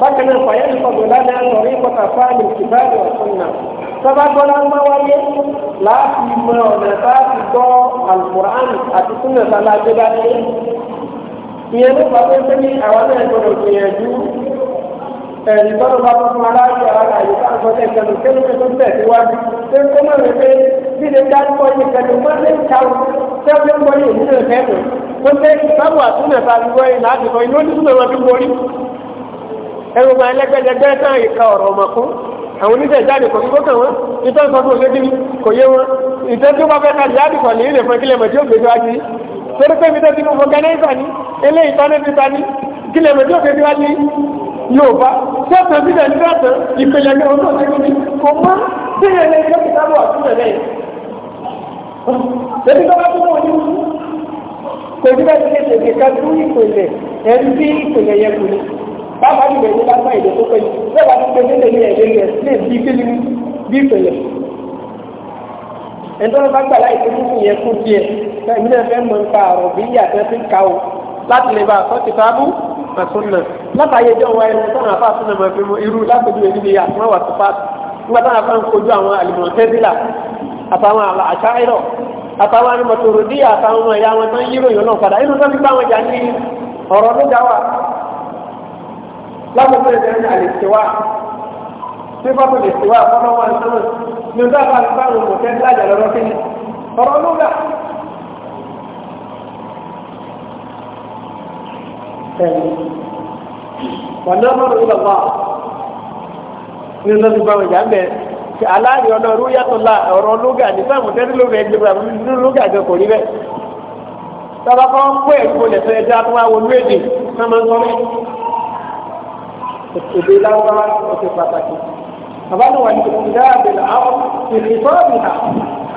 bákan náà fàyẹ́ ní kọ̀dọ̀ ládàá sọ̀rọ̀ ìkọ̀tà fáàlì ìbáàdì ọ̀sán náà sábà gbọ́dọ̀ ń bá wáyé láti mọ ọ̀nà láti gbọ́ alukur'an àti súnà sálá gbé bá dé. ìyẹn ló fà pé sẹ́ni àwọn náà gbọ́dọ̀ gbìyànjú ẹ̀yìn tọ́lọ́ bá fún aláàbò aláàbò àyíká ń sọ tí lè dárúkọ yìí pẹ̀lú mọ́tò ìtawọ̀ tẹ́lẹ̀ ń bọ́ yìí nínú ẹ̀fẹ́ mi ó ń tẹ́ ìsáwò àtúnẹ̀ fàlùwọ̀ yìí láti kọ́ inú oníṣúná wọn fi borí ẹ̀rù máa lẹ́gbẹ̀lẹ́gbẹ́ tán ìka ọ̀rọ̀ ọmọkún àwọn oníṣẹ́ ìjáde kò kíkó kàn wọ́n ìtọ́ sọ fún òṣèlú kò yé wọn ìtọ́ tó bá fẹ́ ká ìjáde kọ̀ ní ilẹ̀ fún kílẹ̀ mọ̀ tí ó gbèjọ́ ajé torí pé ìtọ́ ti mú fọ́gánáìsà ní ilé ìtọ́nà ti ta ní kílẹ̀ mọ̀ tí ó gbèjọ́ ajé yóò bá sọ́tàn sílẹ̀ nígbà tán ìpìlẹ̀ ní ọdún ọ̀sẹ̀ Ebi tó bá tó wọ́n ní kò ní bá ti lè tètè ká tó ìpìlẹ̀ ẹni tí ìpìlẹ̀ yẹ kù ní. Bàbá mi lè bá gbọ́ èdè tó pẹ̀lú. Bẹ́ẹ̀ bá ti pè ní lèmi ẹ̀dẹ́ rẹ̀ lè bí kíni bí ìpìlẹ̀. Ẹni tó bá gbà láì tó kúkú yẹ kú díẹ̀. Ẹ̀mí náà fẹ́ mọ nípa àrùn bí ìyá fẹ́ fi ka o láti lè bá àkọ́ ti sábú àtúnà. Látàyè jọ wa ẹni tó nà àtàwọn àṣáìrọ̀ àtàwọn anìmọ̀tòròdí àtàwọn ọmọ ìyá wọn tán yírò yóò náà padà inú tó fi bá wọn jà ní ọ̀rọ̀ ló dá wà lákòókò ẹ̀jẹ̀ ní àlèṣèwà sífàtò lè ṣèwà fọ́nà wọn sọ́nà ní ọjọ́ àbá àgbà wọn kò tẹ́lá jà lọ́rọ́ kí ni aláàrí ọ̀nà rúyàtọ̀lá ọ̀rọ̀ lóga ní sáàmù tẹ́lẹ̀ lóga ẹgbẹ́ rẹ̀ nínú lóga gan kò rí bẹ́ẹ̀. sábà kan ń pè é kó lè fẹ́ dá fún àwọn olóòdì náà máa ń sọ mí. èdè lágbára ó ti pàtàkì. bàbá mi wà ní ìdá àbẹ̀lẹ̀ àwọn ìrìnsọ́ọ̀bì náà.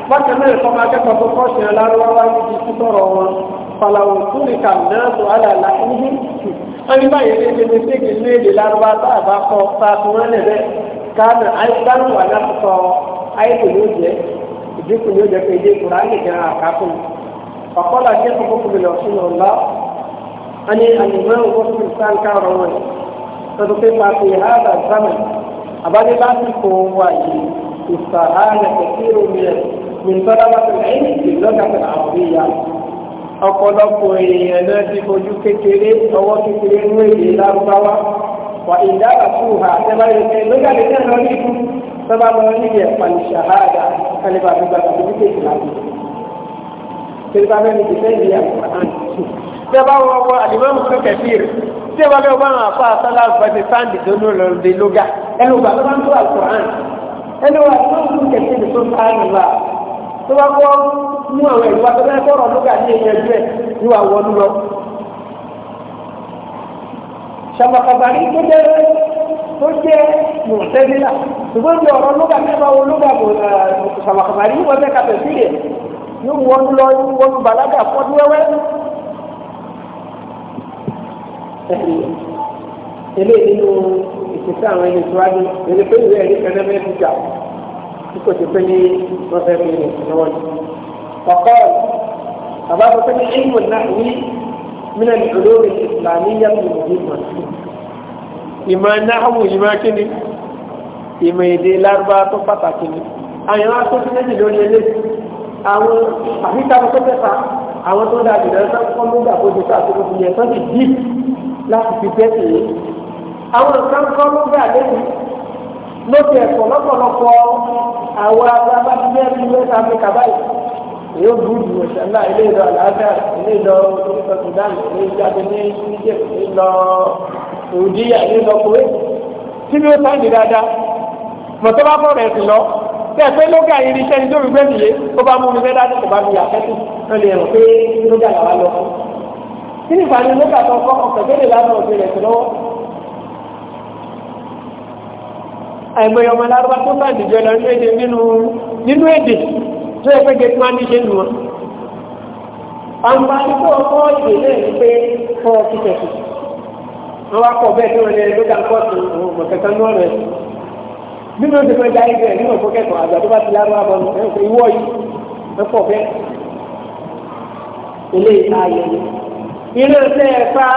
bákan náà ìfọ́nmọ́ akẹ́kọ̀ọ́ tó kọ́ọ̀ṣì alárúwáwá níbi títọ́rọ̀ wọn fàlàwọ̀ túnìkà náà tó kánà àìsàn wà lásìkò àìsàn yóò jẹ ìdínkù yóò jẹ pé ilé ìkura ní ìjẹun àkákùn ọ̀pọ̀lọ̀ ṣe kókó kúbi lọ sínú ọ̀la wọn ni àyùmọ́ owó fún sáńkà ọ̀rọ̀ wọn tọ́tù pé pàṣẹ ìhàdà sámà àbájá lásìkò wà yìí ìfàhánà kẹsíro mìíràn nìtọ́lá bá tẹ̀lé ẹ̀yìn ìlọ́gàtà àbúríyá ọ̀pọ̀lọpọ̀ èèyàn náà ti fojú kékeré ọwọ́ kékeré ń wéyè lárúbáwá wà ìdá àtúhà tẹ́bá yẹ kẹ́ lójà lè tẹ́ lọ níbu tẹ́bá lọ níbi ẹ̀pàlì ṣàhádà kálíbà gbígbà tàbí kéèkì láti. tẹ́bá bẹ́ẹ̀ ni kìfẹ́ ìdí àkùrán. tẹ́bá wọ́n wọ́n àdìmọ́mù tó kẹfìr tẹ́bá bẹ́ẹ̀ wọ́n àfa àtàlà àgbàdì sáǹdì tó ló lọ lè lóga ẹnu wà ló máa ń tó àkùrán. ẹnu wà ló máa ń tó kẹfìr tó sáànù wa tó bá kọ́ mú àwọn ìwà tó bẹ́ẹ̀ kọ́ sàmàkàbàrí tó jẹ́ tó jẹ́ mùsẹ́bílà ṣùgbọ́n bí ọ̀rọ̀ lóga mẹ́fà wo lóga sàmàkàbàrí wọ́n fẹ́ kàtẹ́ sí rẹ̀ yóò wọ́n lọ wọ́n balaga fọ́dú wẹ́wẹ́. eléyìí nínú ìṣẹ̀ṣẹ̀ àwọn ẹni ìṣúwájú ẹni pé ìwé ẹ̀rí kan náà mẹ́fì jà tí kò ti pé ní wọ́n fẹ́ fi rìn lọ́wọ́ ni. ọ̀kọ́ àbá من العلوم الإسلامية المهمة ìmọ̀ náhàwù ìmọ̀ kíni ìmọ̀ èdè lárúbá tó pàtàkì ni àyàn akókò méjì lórí ilé àwọn àfíkàwọ̀ tó mẹ́ta àwọn tó dáa jùlọ ẹ̀sán kọ́ ló gbàgbó ju sáà tó kó fi yẹ tán ti dì láti fi bẹ́ẹ̀ tèyé àwọn nǹkan kọ́ ló gbà lẹ́yìn lókè ẹ̀kọ́ yóò bú ju ìṣẹ̀lá ilé ìlọ àlàáfíà ilé ìlọ orúkọ sudan ilé ìjáde ní egypt ìlọ òdìyà ìlọ kúwé tí ni ó sáǹdì dáadáa mọ̀tọ́ bá bọ̀ rẹ̀ sí lọ bẹ́ẹ̀ pé lóga yìí iṣẹ́ ni tó fi gbé nìyé ó bá mú mi fẹ́ dájú kò bá mi yàtọ̀ sí ló lè rò pé lóga làwa lọ kí ni ìfàní lóga tó kọ́ ọ̀kẹ́ tó lè lánà òfin rẹ̀ sí lọ́wọ́ àìmọye ọmọ lárúbá tó sáǹdì jọ tó yẹ pé gẹ̀ẹ́sì máa ní ṣe nù wọn. àǹfààní tó ọkọ̀ ìwé náà ní pé kọ́ kíkẹ́kì wọ́n wá kọ̀ bẹ́ẹ̀ tí wọ́n lé lójà kọ́ọ̀tù mọ̀kẹ́kẹ́ ní ọ̀rẹ́ nínú ti fẹ́ jáde bẹ́ẹ̀ nínú òfò kẹ́kọ̀ọ́ àgbà tó bá ti lárúbá bọ̀ ní ẹ̀kọ́ ìwọ yìí ẹ̀kọ́ bẹ́ẹ̀ ilé ayé ni ilé ẹsẹ̀ ẹ̀fá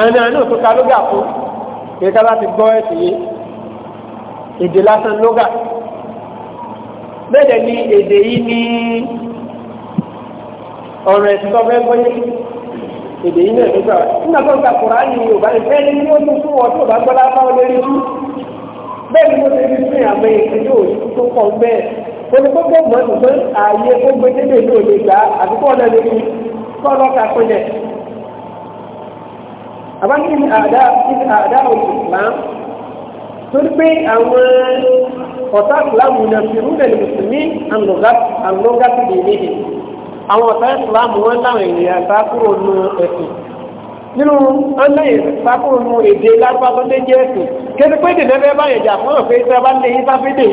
ẹni àná òfin ka lóga fún kí ká láti gbọ́ ẹ̀sìn yìí èdè lásán lóga bẹ́ẹ̀ ni èdè yìí ní ọ̀rọ̀ ẹ̀sìn ọ̀fẹ́ gbọ́yé èdè yìí náà ló gbà nígbà tó ń ka Kùránì Yorùbá ní bẹ́ẹ̀ ni wọ́n tún fún ọ tí ò bá gbọ́ lápá ọ lórí rú bẹ́ẹ̀ ni mo ti rí fún àmọ́ èsì yóò tó pọ̀ bẹ́ẹ̀ olùkókó mọ̀ ní pé ààyè gbogbo dédé ní òde gbà àdúgbò ọ̀nà lè fi kọ́ lọ́ka torí pé àwọn ọ̀tá ìsìlámù náà fi rúdẹ̀ ní mùsùlùmí àlọ́gàtì lè léde àwọn ọ̀tá ìsìlámù wọn láwọn ènìyàn sákúrò nù ẹ̀sìn nínú ọ̀nà ìsákúrò nù èdè lágbàtọ́ lé jẹ́ ẹ̀sìn kéde pé dèdè bẹ́ẹ̀ bá yẹn jà fún ọ̀fẹ́ ìṣẹ́ bá lè yín sáfídè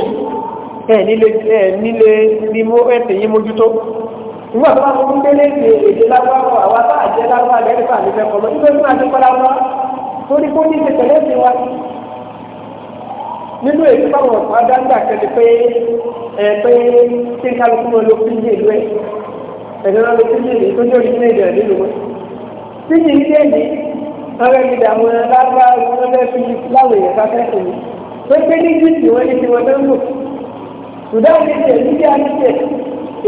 yìí ẹ̀ nílé ní mú ẹ̀sìn yín mójútó nígbà tó bá mú délé èdè lágbàtọ́ àwọn àtàjẹ́ lágbàtọ́ nínú èyí báwọn ọ̀pá dáńgbà kẹ́lẹ́ pé ẹ pé kí kálukú wọn ló fi yé ìlú ẹ ẹ̀dọ́ náà ló fi yé ìlú tó ní orí nílẹ̀ ìdẹ̀rẹ̀ nínú wọn. tí kì í yé ni ọ̀rẹ́ mi dààmú ẹ lábá wọn lẹ́ fi láwọn èèyàn bá fẹ́ sùn pé pé ní gíìsì wọn ní tiwọn tó ń lò Sudan ní tiẹ̀ Libya ní tiẹ̀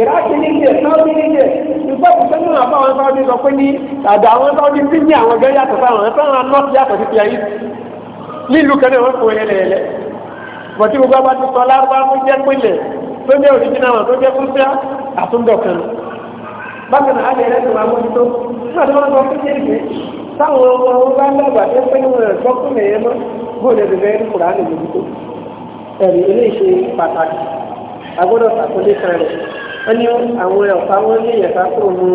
Iraki ní tiẹ̀ Saudi ní tiẹ̀ ìgbà òṣìṣẹ́ nínú àbá àwọn Saudi sọ pé ní àdá àwọn Saudi ti ní àwọn gẹ́gẹ́ yàtọ̀ sáwọn ẹ̀ fẹ́ràn náà yàtọ̀ sí ti ayé nílùú kẹ́lẹ́ bọ̀tí gbogbo àbá ti sọ lárúbá tó jẹ́ pínlẹ̀ tó jẹ́ òrìjìnà wọn tó jẹ́ fúnfẹ́ àtúndọ̀kan bákan náà alẹ́ rẹ̀ tó máa mójútó nígbà tó máa sọ fún jẹ́ ìgbé táwọn ọmọ wọn bá lọ́gbà tó pé wọn rẹ̀ sọ́kùn lè yẹn mọ́ bóun lè bẹ̀rẹ̀ ní kùrà lè mójútó ẹ̀rí eléyìí ṣe pàtàkì agbọ́dọ̀ sàkólé kan rẹ̀ wọ́n ní àwọn ọ̀pá wọn ní ìyẹ̀ká kúrò mú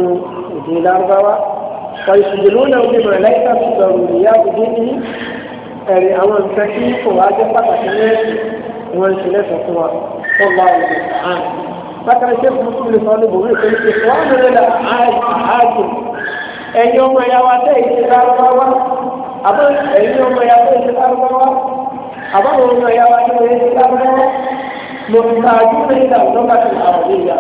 ìdè lárúbáwá ẹ̀rí àwọn nǹkan tí kò wá jẹ́ pàtàkì lẹ́yìn wọn ṣe lẹ́sọ̀ fún wa tó bá wọn lè hàn. Bákan ṣe fún fún mi sọ́ọ́ níbo wípé ní ṣètò wọn lè lọ àájò. Ẹ̀yin ọmọ ẹ̀yà wa tẹ̀ ìṣe lárúbáwá. Àbọ̀ ẹ̀yin ọmọ ẹ̀yà tẹ̀ ìṣe lárúbáwá. Àbọ̀ àwọn ọmọ ẹ̀yà wa tẹ̀ ìṣe lárúbáwá. Mo ti ta àjú pé ìdá ọ̀dọ́ bá ti àwọn ìyá.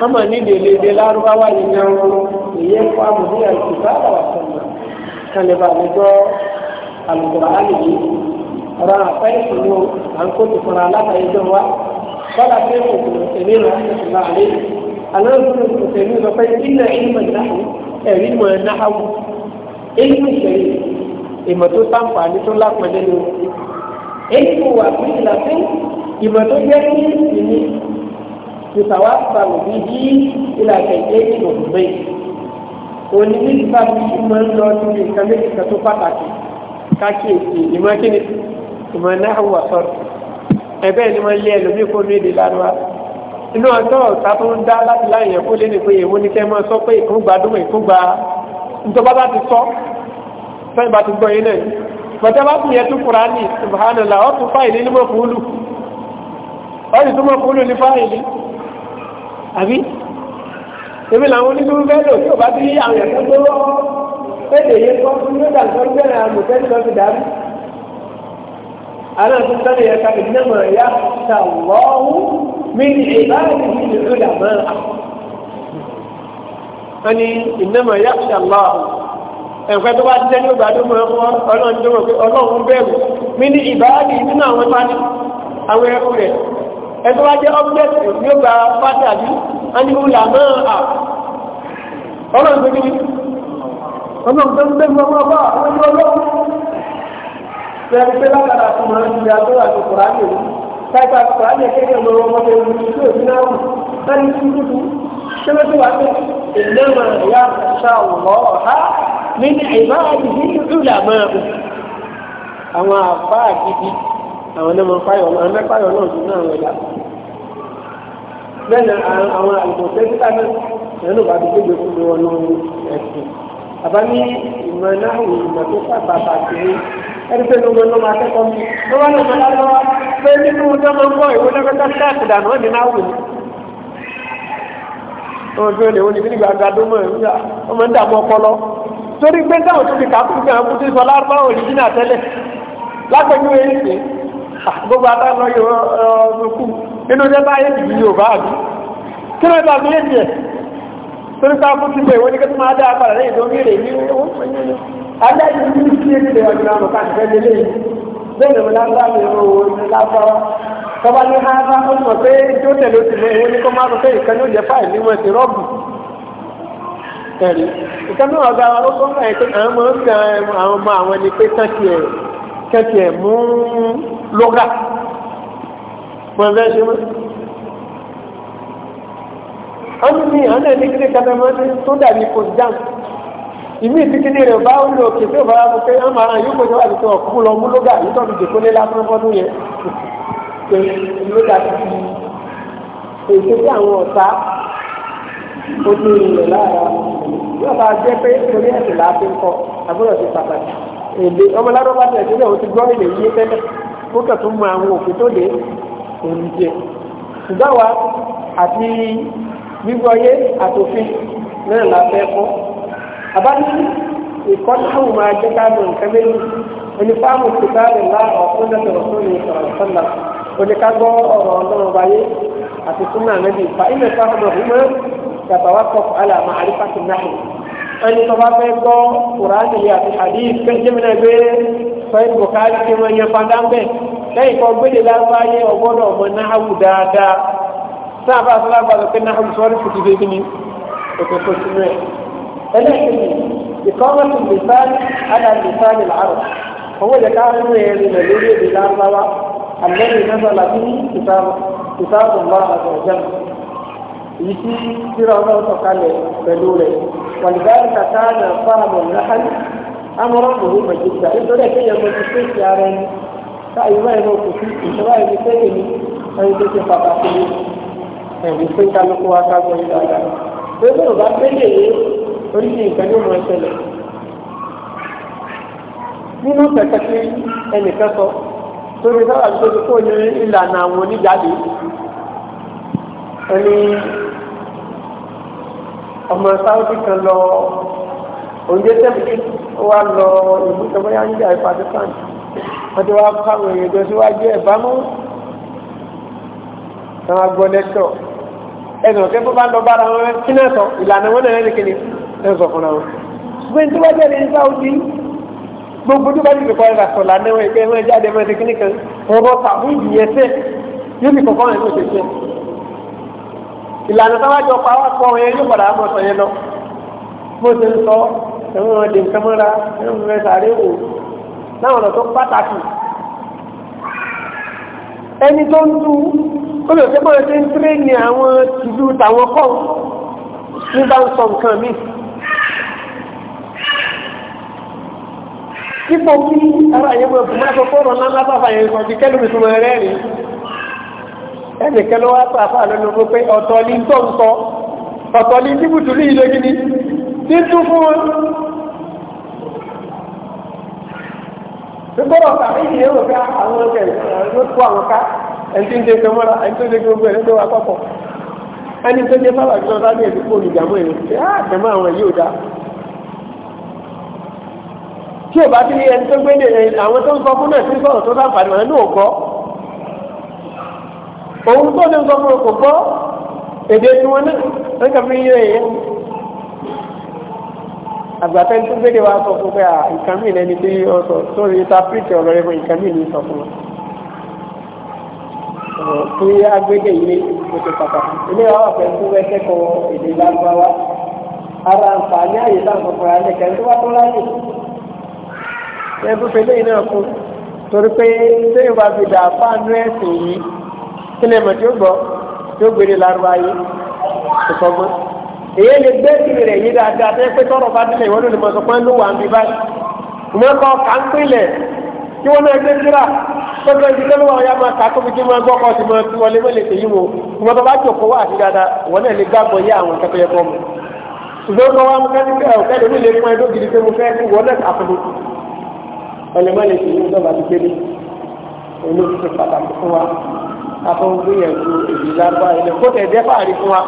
Wọ́n mọ̀ ní ìdèlè ìdè lárúbáwá yìí ní àwọn ìyẹn fún àmì Al-Qur'an yìí ọ̀rọ̀ àpá ẹ̀sìn ni à ń kó tìfọ̀rọ̀ alábàáyéjọ wa kọ́lá pé òkùnrin èmi rà ẹ̀sìn àlẹ́ aláǹkùnrin òkùnrin èmi sọ pé ilẹ̀ ìmọ̀ ìnáwó ẹ̀rí mọ̀ ẹ̀náwó èyí ìṣẹ̀lẹ̀ ìmọ̀ tó sáǹfààní tó lápẹ̀lẹ́ ni o èyí kò wà fún ini. ìmọ̀ tó jẹ́ kí ìsinmi ìsàwá sàrò bí yí ìlàfẹ́ jẹ́ ìmọ̀ òdùnmẹ́yì òní nígbà tí ìmọ̀ ń lọ nínú ìkàlẹ́ ìkàtó pàtàkì kákìyèsí ìmọ̀ kíni ìmọ̀ náà wà sọ̀rọ̀ ẹ̀bẹ́ ni wọ́n lé ẹlòmíì kó ní èdè lárúbá inú ọjọ́ ọ̀tá tó ń dá láti láyìn ẹ̀kọ́ lé ní pé èwo ni kẹ́ mọ́ sọ pé ìkúngba dúnmọ̀ ìkúngba ìjọba bá ti sọ sẹ́yìn bá ti gbọ́ yín náà bàtà bá fi yẹn tún Kùránì subhanallah ọ́ tún fáìlì ní mọ̀kúlù ọ́ sì tún mọ̀kúlù ní fáìlì àbí èmi làwọn onídùúrú bẹ́ẹ̀ lò tí ò bá ti àwọn ẹ̀kọ́ tó pété yẹn kọ́ fún yóò dàn kọ́ gbẹ́rẹ́ àwọn mọ̀tẹ́lì lọ́ọ́ fi dàrú. àwọn àti sọ́nà yẹn ká ìdílé mọ̀ ẹ̀yà ta wọ́ọ́wù mí ní ìbáraẹni ní ìlú ìdàmọ́ à. wọ́n ní ìnáwó ẹ̀yà ta lọ́ọ̀hù ẹ̀fẹ́ tó bá tẹ́lẹ̀ ó gbàdúrà mọ́ ẹ̀fọ́ ọlọ́run tó mọ̀ pé ọlọ́run bẹ̀rù mí ní ìbáraẹni nínú àwọn pátí àwọn ẹ̀kú rẹ̀ ẹ̀tọ́ wá jẹ́ ọ́bẹ̀tì ní gba pátí ọlọ́run tó ń gbé wọn wọn bá àwọn ẹni ọlọ́run fẹ́ẹ́ pé lágbára tó máa ń fi agbára àti kùránì òun táìpà kùránì kékeré lọ wọn bẹ ní ìlú òfin náà wù sani tuntun sẹ́wọ́sẹ́ wà pé ìnáwó ẹ̀yà ṣàwọ̀ ọ̀há ní ìbá àdìsí àwọn àfa àgidi àwọn ẹlẹ́mọ̀ fáyọ̀ náà ẹlẹ́mọ̀ fáyọ̀ náà dùn náà wọ̀nyá àbá ní ìmọ̀ náà ìmọ̀ tó sábà bàtẹ́ ẹni pé lóko ló máa kẹ́kọ̀ọ́ mi ló wá lọ́mọ lọ́wọ́ pé nínú ọjọ́ máa ń bọ̀ ìwé lọ́kọ́tà sáàtì dànù ọ̀nì náà wù mí. ọmọ tó lè wọ́n ní nígbà gbàdó mọ̀ nígbà ọmọ ń dààmú ọpọlọ torí pé táwọn tó ti kà á fún ìgbà fún sísọ lárúbá òrìjínà tẹ́lẹ̀ lápẹjú ẹ̀yìn torí ká fún tibẹ̀ wọ́n ní kí máa dá apàdà lẹ́yìn tó ń rè ní owó adájú ní kí ní ilé ọdún àwọn kan fẹ́ lé lẹ́yìn bẹ́ẹ̀ lọ́wọ́ lásán mi ò ní lásán tọ́ba ní hábá ó mọ̀ pé tí ó tẹ̀lé oṣù mẹ́rin wọ́n ní kó máa rò pé ìkan ló jẹ́ fáìlì níwọ̀n ti rọ́ọ̀bù ẹ̀rí ìkan náà ọ̀gá wa ló kọ́ mọ̀ pé àwọn ọmọ ń gan àwọn ọmọ àwọn ni pé kẹ́kẹ́ mú lọ́gà wọ́n fẹ́ ṣe mọ́ àwọn mi àwọn náà ní kíni kan náà tó dàbí kò jàm ìmí ìdíkíní rẹ̀ bá ń lo òkè tó fara mọ́ pé ọmọ ara yóò kọjá wà lóko ọ̀kú lọ mú lóga yìí tọ́jú jòkó lé lásán fọ́dún yẹn pé lóga ti fi èso tí àwọn ọ̀tá ó ní ilẹ̀ lára yóò bá jẹ́ pé torí ẹ̀sìn láti mọ àwọn òkè tó dé òun ṣùgbọ́n wa àti gbígbọ́yé àtòfin náà la fẹ́ kọ́ àbájú ìkọ́tàwù máa jẹ́ káàdì nǹkan méjì onífàmù kìtàbí ńlá ọ̀fún náà lọ sórí ìsọ̀rọ̀ sọ́nà oníkágbọ́ ọ̀rọ̀ ọlọ́run wáyé àti súnmọ́ àmẹ́bí ìfà ilẹ̀ sáfọ̀dọ̀ ìmọ̀ yàtọ̀wá kọ́ àlà àmà àrífàtì náà ẹni tó bá fẹ́ gbọ́ kùránì àti hadith kẹ́jẹ́mìnà gbé sọ́yìn bùkárí kí wọ́n yẹ fandá bẹ́ẹ̀ lẹ́yìn kan gbé صعب أصلا بعد كنا نحن سوالف في تبيني وتفسمي إقامة اللسان على اللسان العرب هو ذكر أنه من الذي بلال الله الذي نزل فيه كتاب كتاب الله عز وجل يسي سيرا الله تقال بلوله ولذلك كان صاحب النحل أمر ربه مجدا إذا لك يوم تسيس يا رين فأيوه يوم تسيس يوم تسيس يوم تسيس يوم تسيس ẹ̀mí pé kálukú wa ká gbọ́ ìgbà dá. Gbogbo ìgbà péjè yé oríṣi nǹkan ní ìmọ̀ ìṣẹ̀lẹ̀. Nínú pẹ̀pẹ̀ tí ẹnìkan sọ, torí sábà tó ti kó ní ìlànà àwọn oníjàde. Ẹni ọmọ Sáúdì kan lọ òǹdé tẹ́lifí wa lọ ìlú tẹ́lifí wa ń jà Pakistan. Wọ́n ti wá káwọn èèyàn jọ síwájú ẹ̀ bámú. Wọ́n á lẹ́tọ̀ọ́ ẹnu ọ̀kẹ́ tó bá ń lọ bára wọn kí náà sọ ìlànà wọn náà nìkan ni ẹnu sọ fúnra wọn. ṣùgbọ́n tí wọ́n jẹ́ ní sáwùdí gbogbo tó bá ti fi kọ́ ẹ̀ka sọ lànà wọn ìpè wọn jáde wọn ti kíníkan ọ̀rọ̀ tàbí ìyẹsẹ̀ yóò fi kọ̀kọ́ rẹ̀ ní òṣèṣẹ́. ìlànà táwọn àjọ pa wá pọ̀ yẹn yóò padà mọ̀ sọ yẹn lọ. bó ṣe ń sọ ẹ̀wọ̀n ọ̀dẹ̀ nǹkan mọ́ra ẹ̀wọ̀n ẹni tó ń tú olùsẹ́gbọ́n ṣe ń tíré ní àwọn tìlú tàwọn kọ́ ní bá ń sọ nǹkan mi kíkọ kí ara yẹn mọ̀ máa fọ́fọ́ ọ̀rọ̀ ńlá bàbá yẹn sọ ti kẹ́lùmí tó gbọ́dọ̀ tàbí ìyẹn rò pé àwọn ọkẹ ló kó àwọn ká ẹni tó ń jẹ kẹmọ́ra ẹni tó ń jẹ gbogbo ẹni tó wà kọ́kọ́ ẹni tó jẹ sábà jọ sábà ẹni kó olùjàmọ́ ẹni pé á ah, jẹmọ́ àwọn yìí ò dá. tí ò bá ti rí ẹni tó gbé ní eh, àwọn tó ń sọ fún náà tí ń sọ̀rọ̀ tó sáǹfààní wọn ní òun tó ní sọ fún òkò gbọ́ èdè tiwọn náà àgbàtẹ́ tó gbéde wa sọ fún pé à nǹkan mìíràn ẹni pé ọ sọ sórí ta pírìtì ọ̀rọ̀ ẹ̀fọn nǹkan mìíràn sọ fún wọn. tó yá gbéde ilé tó ṣe pàtàkì ilé wa wà pẹ̀lú tó fẹ́ kẹ́kọ̀ọ́ èdè lágbáwá ara àǹfààní àyè láǹfọ̀ fún ara lẹ́kẹ̀ẹ́ tó wá tó láyè. ẹ bó ṣe léyìn náà kú torí pé sẹ́yìn wa fi fáànù ẹ̀sìn yìí kílẹ̀ mọ̀ tí ó gbọ́ tí ó gbére lárúbáyé kò èyí lè gbé sí rẹ̀ yí dáadáa tẹ́ pé tọrọ bá délé ìwọ́n lè mọ̀ sọ pé ló wà ń bí báyìí ìwọ́n kọ́ kánpìlẹ̀ kí wọ́n náà gbé síra tọ́jú ẹni tó ló wà ọ̀yá máa ta kó fi kí máa gbọ́ kọ́ sí máa fi wọlé wọlé tèyí wo ìwọ́n tó bá jòkó wà sí dáadáa wọ́n náà lè gbàgbọ́ yé àwọn kẹ́kẹ́ kọ́ wa mọ́kẹ́kẹ́ ọ̀kẹ́dẹ̀ mi lè fún ẹdó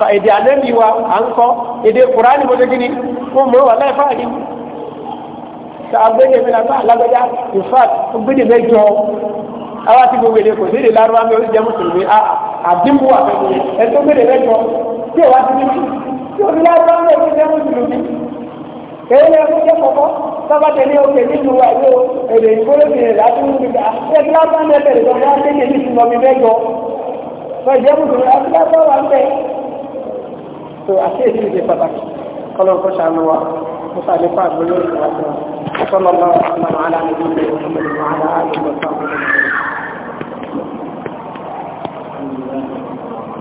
àṣà èdè ànẹ́bí wa à ń kọ́ èdè kùránì mo dégí ni mo mọ̀ wà láì fáàdì tá a gbé èmi náà fáà lágbájá in fact ó gbé ní mẹ́jọ àwa ti gbogbo èdè kò sí èdè lárúbá mi ó jẹ́ mùsùlùmí àdínkù àfẹ́mi ẹ̀ tó gbé ní mẹ́jọ tí ìwà ti ní tí òbí lárúbá mi ó jẹ́ mùsùlùmí èyí ni ẹkú jẹ́ kọ̀kọ́ sábàtẹ̀ ní òkè nínú àlọ́ èdè ìgbólóbìnrin rẹ̀ àti nígbà ẹ̀ lárúbá mi ẹ̀ bẹ̀rẹ̀ lọ́wọ́ á tó àkéèsí ìdè pàtàkì kọ́lọ́ kó ṣàánú wa mo sáré fún àgbélé ìwà tó wọn. sọ́nà náà sọ́nà àlàyé ìdílé ìwà